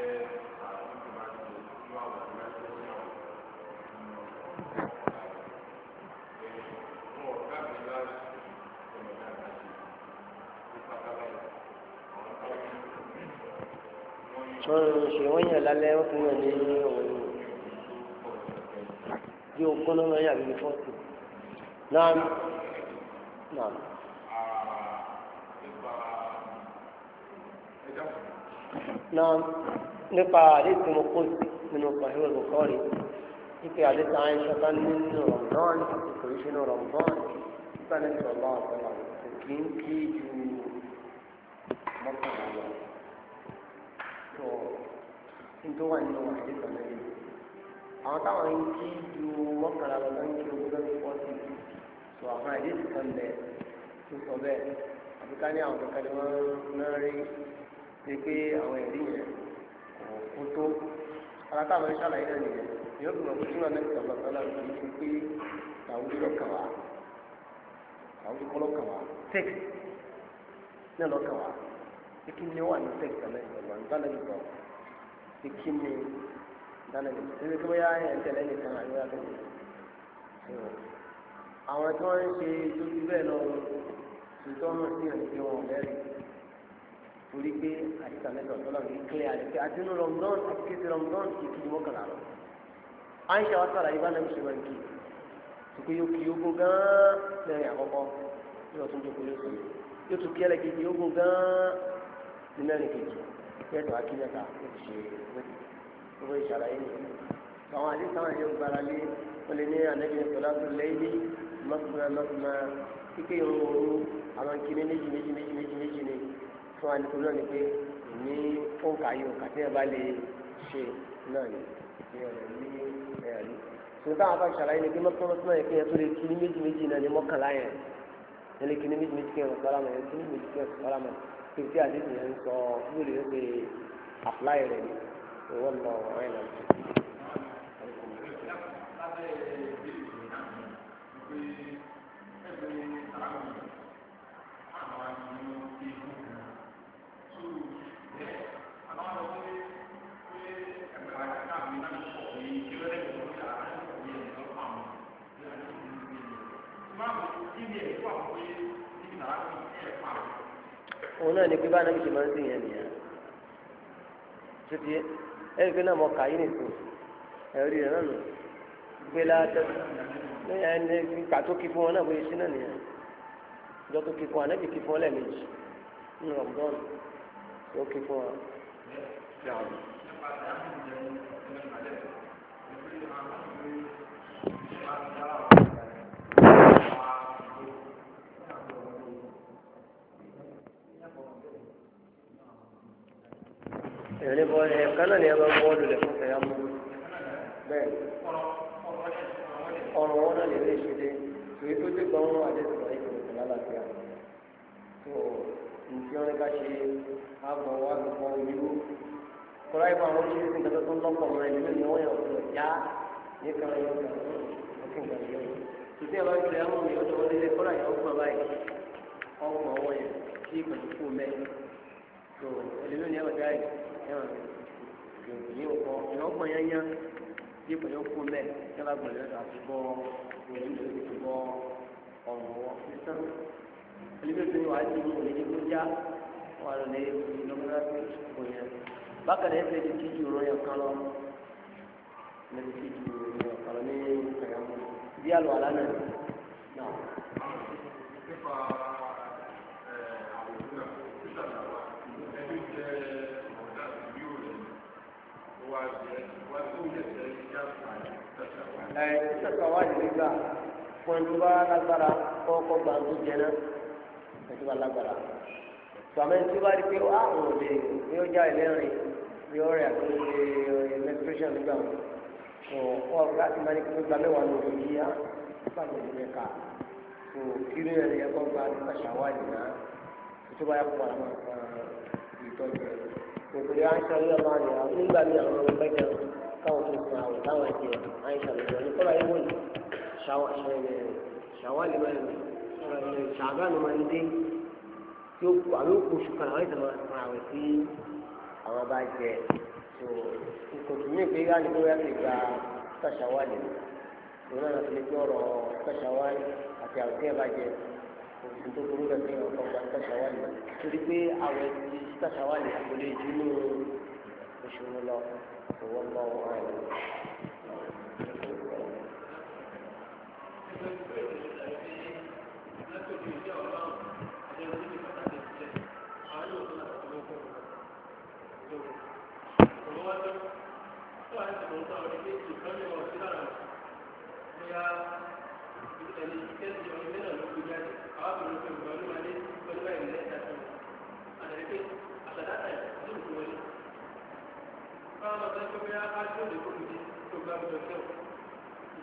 wọ́n yàn lálẹ́ wọ́n fún yàn ní ọ̀rọ̀ yìí bí ogún náà yàgbé fọ́ọ̀tù náà náà. náà nípa àdéhùn mo kó nínú pàṣẹ olùkọ́rì nípa àdéhùn àìsàn bá nínú rọ̀mọ́ọ̀nì kò í ṣe nínú rọ̀mọ́ọ̀nì nípa nínú rọ̀mọ́ọ̀nì kò kí ń kí ju mọ́kànlá lọ. tó nítorí wà nínú àdéhùn náà yìí àwọn táwọn ń kí ju mọ́kànlá lọ lọ ń kí ogún lọ́dún fọ́ọ̀tì tó àwọn àdéhùn kan bẹ̀ tó sọ bẹ́ẹ̀ àbíká ní àwọn kankan ni wọ́n rí ṣe pé àwọn ẹ̀rí yẹn kò tó ara táwọn ìṣàlàyé náà nìyẹn yóò fi mọ̀ pé sínú ọ̀nà ìṣàlọ̀ sọ́lá kì í ṣe pé àwọn ìṣọ̀ kàn wá àwọn ìṣọ̀ lọ́kàn wá tẹ́kì náà lọ́kàn wá kí ni wà ní tẹ́kì tẹ́lẹ̀ ìṣọ̀lọ́ ìtàlẹ̀ ìṣọ̀ kí ni ìtàlẹ̀ ìṣọ̀ kí wọ́n yá ẹ̀ńtẹ̀lẹ̀ nìkan àyọ̀ àwọn tí wọ́n ń ṣe tó ti bẹ́ẹ̀ lọ ṣùgbọ́n wọ́n sí wọn torí pé àdìsá mẹ́ta ọ̀tọ́lá ní kílẹ̀ àdìsá àti inú rọ̀mùdán àti kété rọ̀mùdán kì í kí mọ́kànlá lọ. àyíṣà wa sára ibà náà ṣe máa ń kí tùkú yóò kí ogun gán lẹ́yìn àkọ́kọ́ yóò tún jókòó yóò sùn yóò tún kí ẹlẹ́kejì ogun gán ní mẹ́rin kejì kẹ́tọ̀ akí yóò ṣe wẹ́tì gbogbo ìṣàlàyé ni. àwọn àdìsá wọn yóò gbára lé wọn lè ní ànẹ́bí ìṣọ̀lá tó lẹ́yìn mọ́tò náà mọ́tò náà kíkẹ́ ìrún òru àwọn kìnnì méjì ni tí wọ́n á náà ni pé ìní òǹkà yìí òǹkà tí wọ́n bá lè ṣe náà ni ìyẹn rẹ̀ ní ẹ̀yà rí sọ̀tà àwọn afáàṣà láyé ni pé mọ́tòmọ́tòmọ́ yẹn kí yẹn tó lè kí ní méjì méjì náà ni mọ́kànlá yẹn yẹn lè kí ní méjì méjì kí yẹn sọ́lámọ̀ yẹn kí ní méjì kí yẹn sọ́lámọ̀ kí tí àdéhùn yẹn ń sọ yóò lè ṣe àfúláyé rẹ̀ ni ìwọ́n lọ ọ̀rọ̀ Thank you. òun náà ní pé bá anábì ṣe máa ń sìn yẹn nìyẹn na ẹ̀rí pé náà mọ kàyí nìkan ẹ̀rí rẹ̀ náà nù gbéra ẹni pàtó kí fún wọn náà bóyá sí náà nìyẹn ìjọ tó kí fún anábì kí fún ọ lẹ́ẹ̀mejì ọ. èrè bọ ẹ kánà ni ẹ máa ń bọ́ lulẹ̀ fún fẹ̀yà mú bẹ́ẹ̀ ọ̀rọ̀ wọn náà lè lè ṣe dé tòyí tó dé gbọ́n wọn àdé tòlá yìí tòlá tòlá làbíà tó nfi wọn ká ṣe àgbọ̀n wa gbọ̀n ìlú kọ́lá yìí fún àwọn oníṣẹ́ sí nǹkan tó ń lọ́pọ̀ mọ́ ẹni lónìí wọ́n yàn ọ̀dọ̀ já ní kan yọ ọ̀gá ọ̀kìn kan yọ tòtí ẹ̀ bá ń tẹ̀lé àwọn èèyàn tó wọlé lé kọ́lá yìí ọgbọ̀n báyìí ọgbọ̀n wọn yẹn kí ìgbàlùkù mẹ́ tó ẹlẹ́mìnira ọ̀dá yìí yìí ọkọ ìlọgbọn yẹn yẹn bí ìpè yóò kú lẹ kí ẹlá gbọ́dọ̀ yóò àti bọ ojú tó ti bọ ọrùn wọn sísan ẹlẹgbẹsẹ wàá di ìwé òní tó já wà lóde ìlọgbọdọ tó kù yẹn bákan náà ẹsẹ ti ti ju ìròyìn kan lọ ẹsẹ ti ti ju ìròyìn kan lọ ní ẹ̀ ṣíṣàkà wá ìdílé gbà fún ẹni tó bá lágbára kọ́kọ́ gbà ń tó jẹ náà ẹni tó bá lágbára tọ́mọ ẹni tó bá rí pé wá òun lè ní ó já ìlẹ́rìn ní ọ̀rẹ́ àti electrician nígbà wọn ọ̀gá ti máa ní kí wọ́n gba mẹ́wàá ní oṣù yíyá nípa ní ìdílé ká kiri ẹ̀rẹ́ ẹ̀kọ́ gba nípa ṣàwádìí náà tó bá yà kó àwọn ìtọ́jú rẹ̀ òkèlè à ń ṣe ọlọ́mọ àná nígbà míì àwọn ọmọ ẹgbẹ́ jẹun káwọn tó sọ àwọn táwọn ẹ̀jẹ̀ àìsàn lọ́jọ́ ní kọ́lá yẹn wọ̀nyí ṣàwálì máa ń ṣàbánu máa ń dé tí ó kọ àwọn oṣù kan àwọn ìtàn máa rẹ̀ sí àwọn bá jẹ tó ìkòtù ní ìpínlẹ̀ àdìgbò yà ti gba tàṣàwálì òun náà ti lè fi ọ̀rọ̀ tàṣàwálì àti àwọn tí ẹ bá jẹ òfin tó burú rẹ̀ sí ọkọ̀ gba torí pé àwọn ti tàṣàwálì àkọlé ìdúró ìṣòro lọ ìwọ́n lọ wọ́n rẹ̀. Thank you.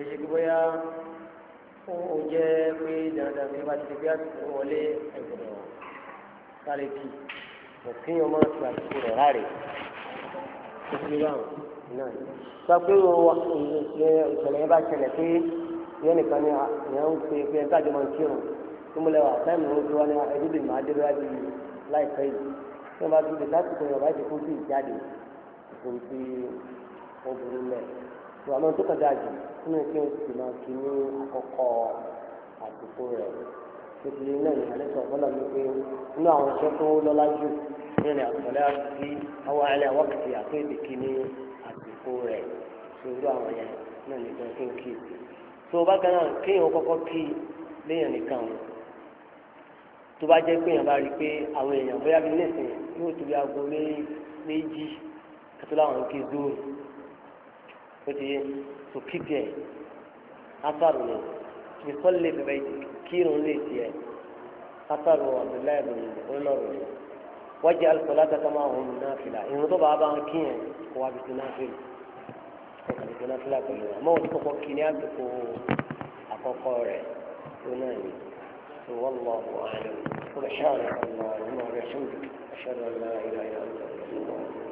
èyí kí bóyá ó jẹ́ pé dandan bí wọ́n ti di bí àsìkò wọlé ẹ̀gbọ̀dọ̀ sáré kì í kò kí wọ́n máa ti àsìkò rẹ̀ ráre tó ti bá wọn náà sọ pé ìṣẹ̀lẹ̀ yẹn bá ṣẹlẹ̀ pé yẹn nìkan ni ìyẹn ń pe pé ẹ̀ka àjọmọ̀ ń kírun tó múlẹ̀ wà táìmù ló ń tiwa ní ẹ̀dúndì máa dé lọ́wọ́ bíi láìpẹ́ yìí tí wọ́n bá dúdú láti kọ́ ìyọ̀bá ìdíkú sí ìjáde ìfòǹtì obìnrin mẹ́ẹ̀ tó àmọ́ tó kàn dáa jù nínú kí na sì máa akụkọ ní àkọ́kọ́ àsìkò rẹ̀ nítorí sọ fọlá mi pé nínú àwọn iṣẹ́ tó lọ́lá jù nínú ní àtọ̀lẹ́ àti àwọn alẹ́ àwọ̀kìtì àkéèdè kí ní àsìkò rẹ̀ ṣòro àwọn yẹn náà ní ìjọba kí tó o bá gan náà kéèyàn kí léèyàn nìkan o tó so kíkì ẹ̀ afárò ni kì í kọ́ lè bẹ̀rẹ̀ kírun lè tiẹ̀ afárò abdullahi bin olórí rẹ̀ wájú alùpùpù àtàkà máa hùn náà fìlà ìrùn tó bá bá ń kíyàn kó wá bìtì náà fìlà kó wá bìtì náà fìlà pẹ̀lú rẹ̀ mọ́wọ́n tó kí ni àgbẹ̀kọ́ àkọ́kọ́ rẹ̀ tó náà ni so wallahu a'lam subhanallah wa bihamdihi ashhadu an la ilaha illa anta astaghfiruka wa atubu ilayk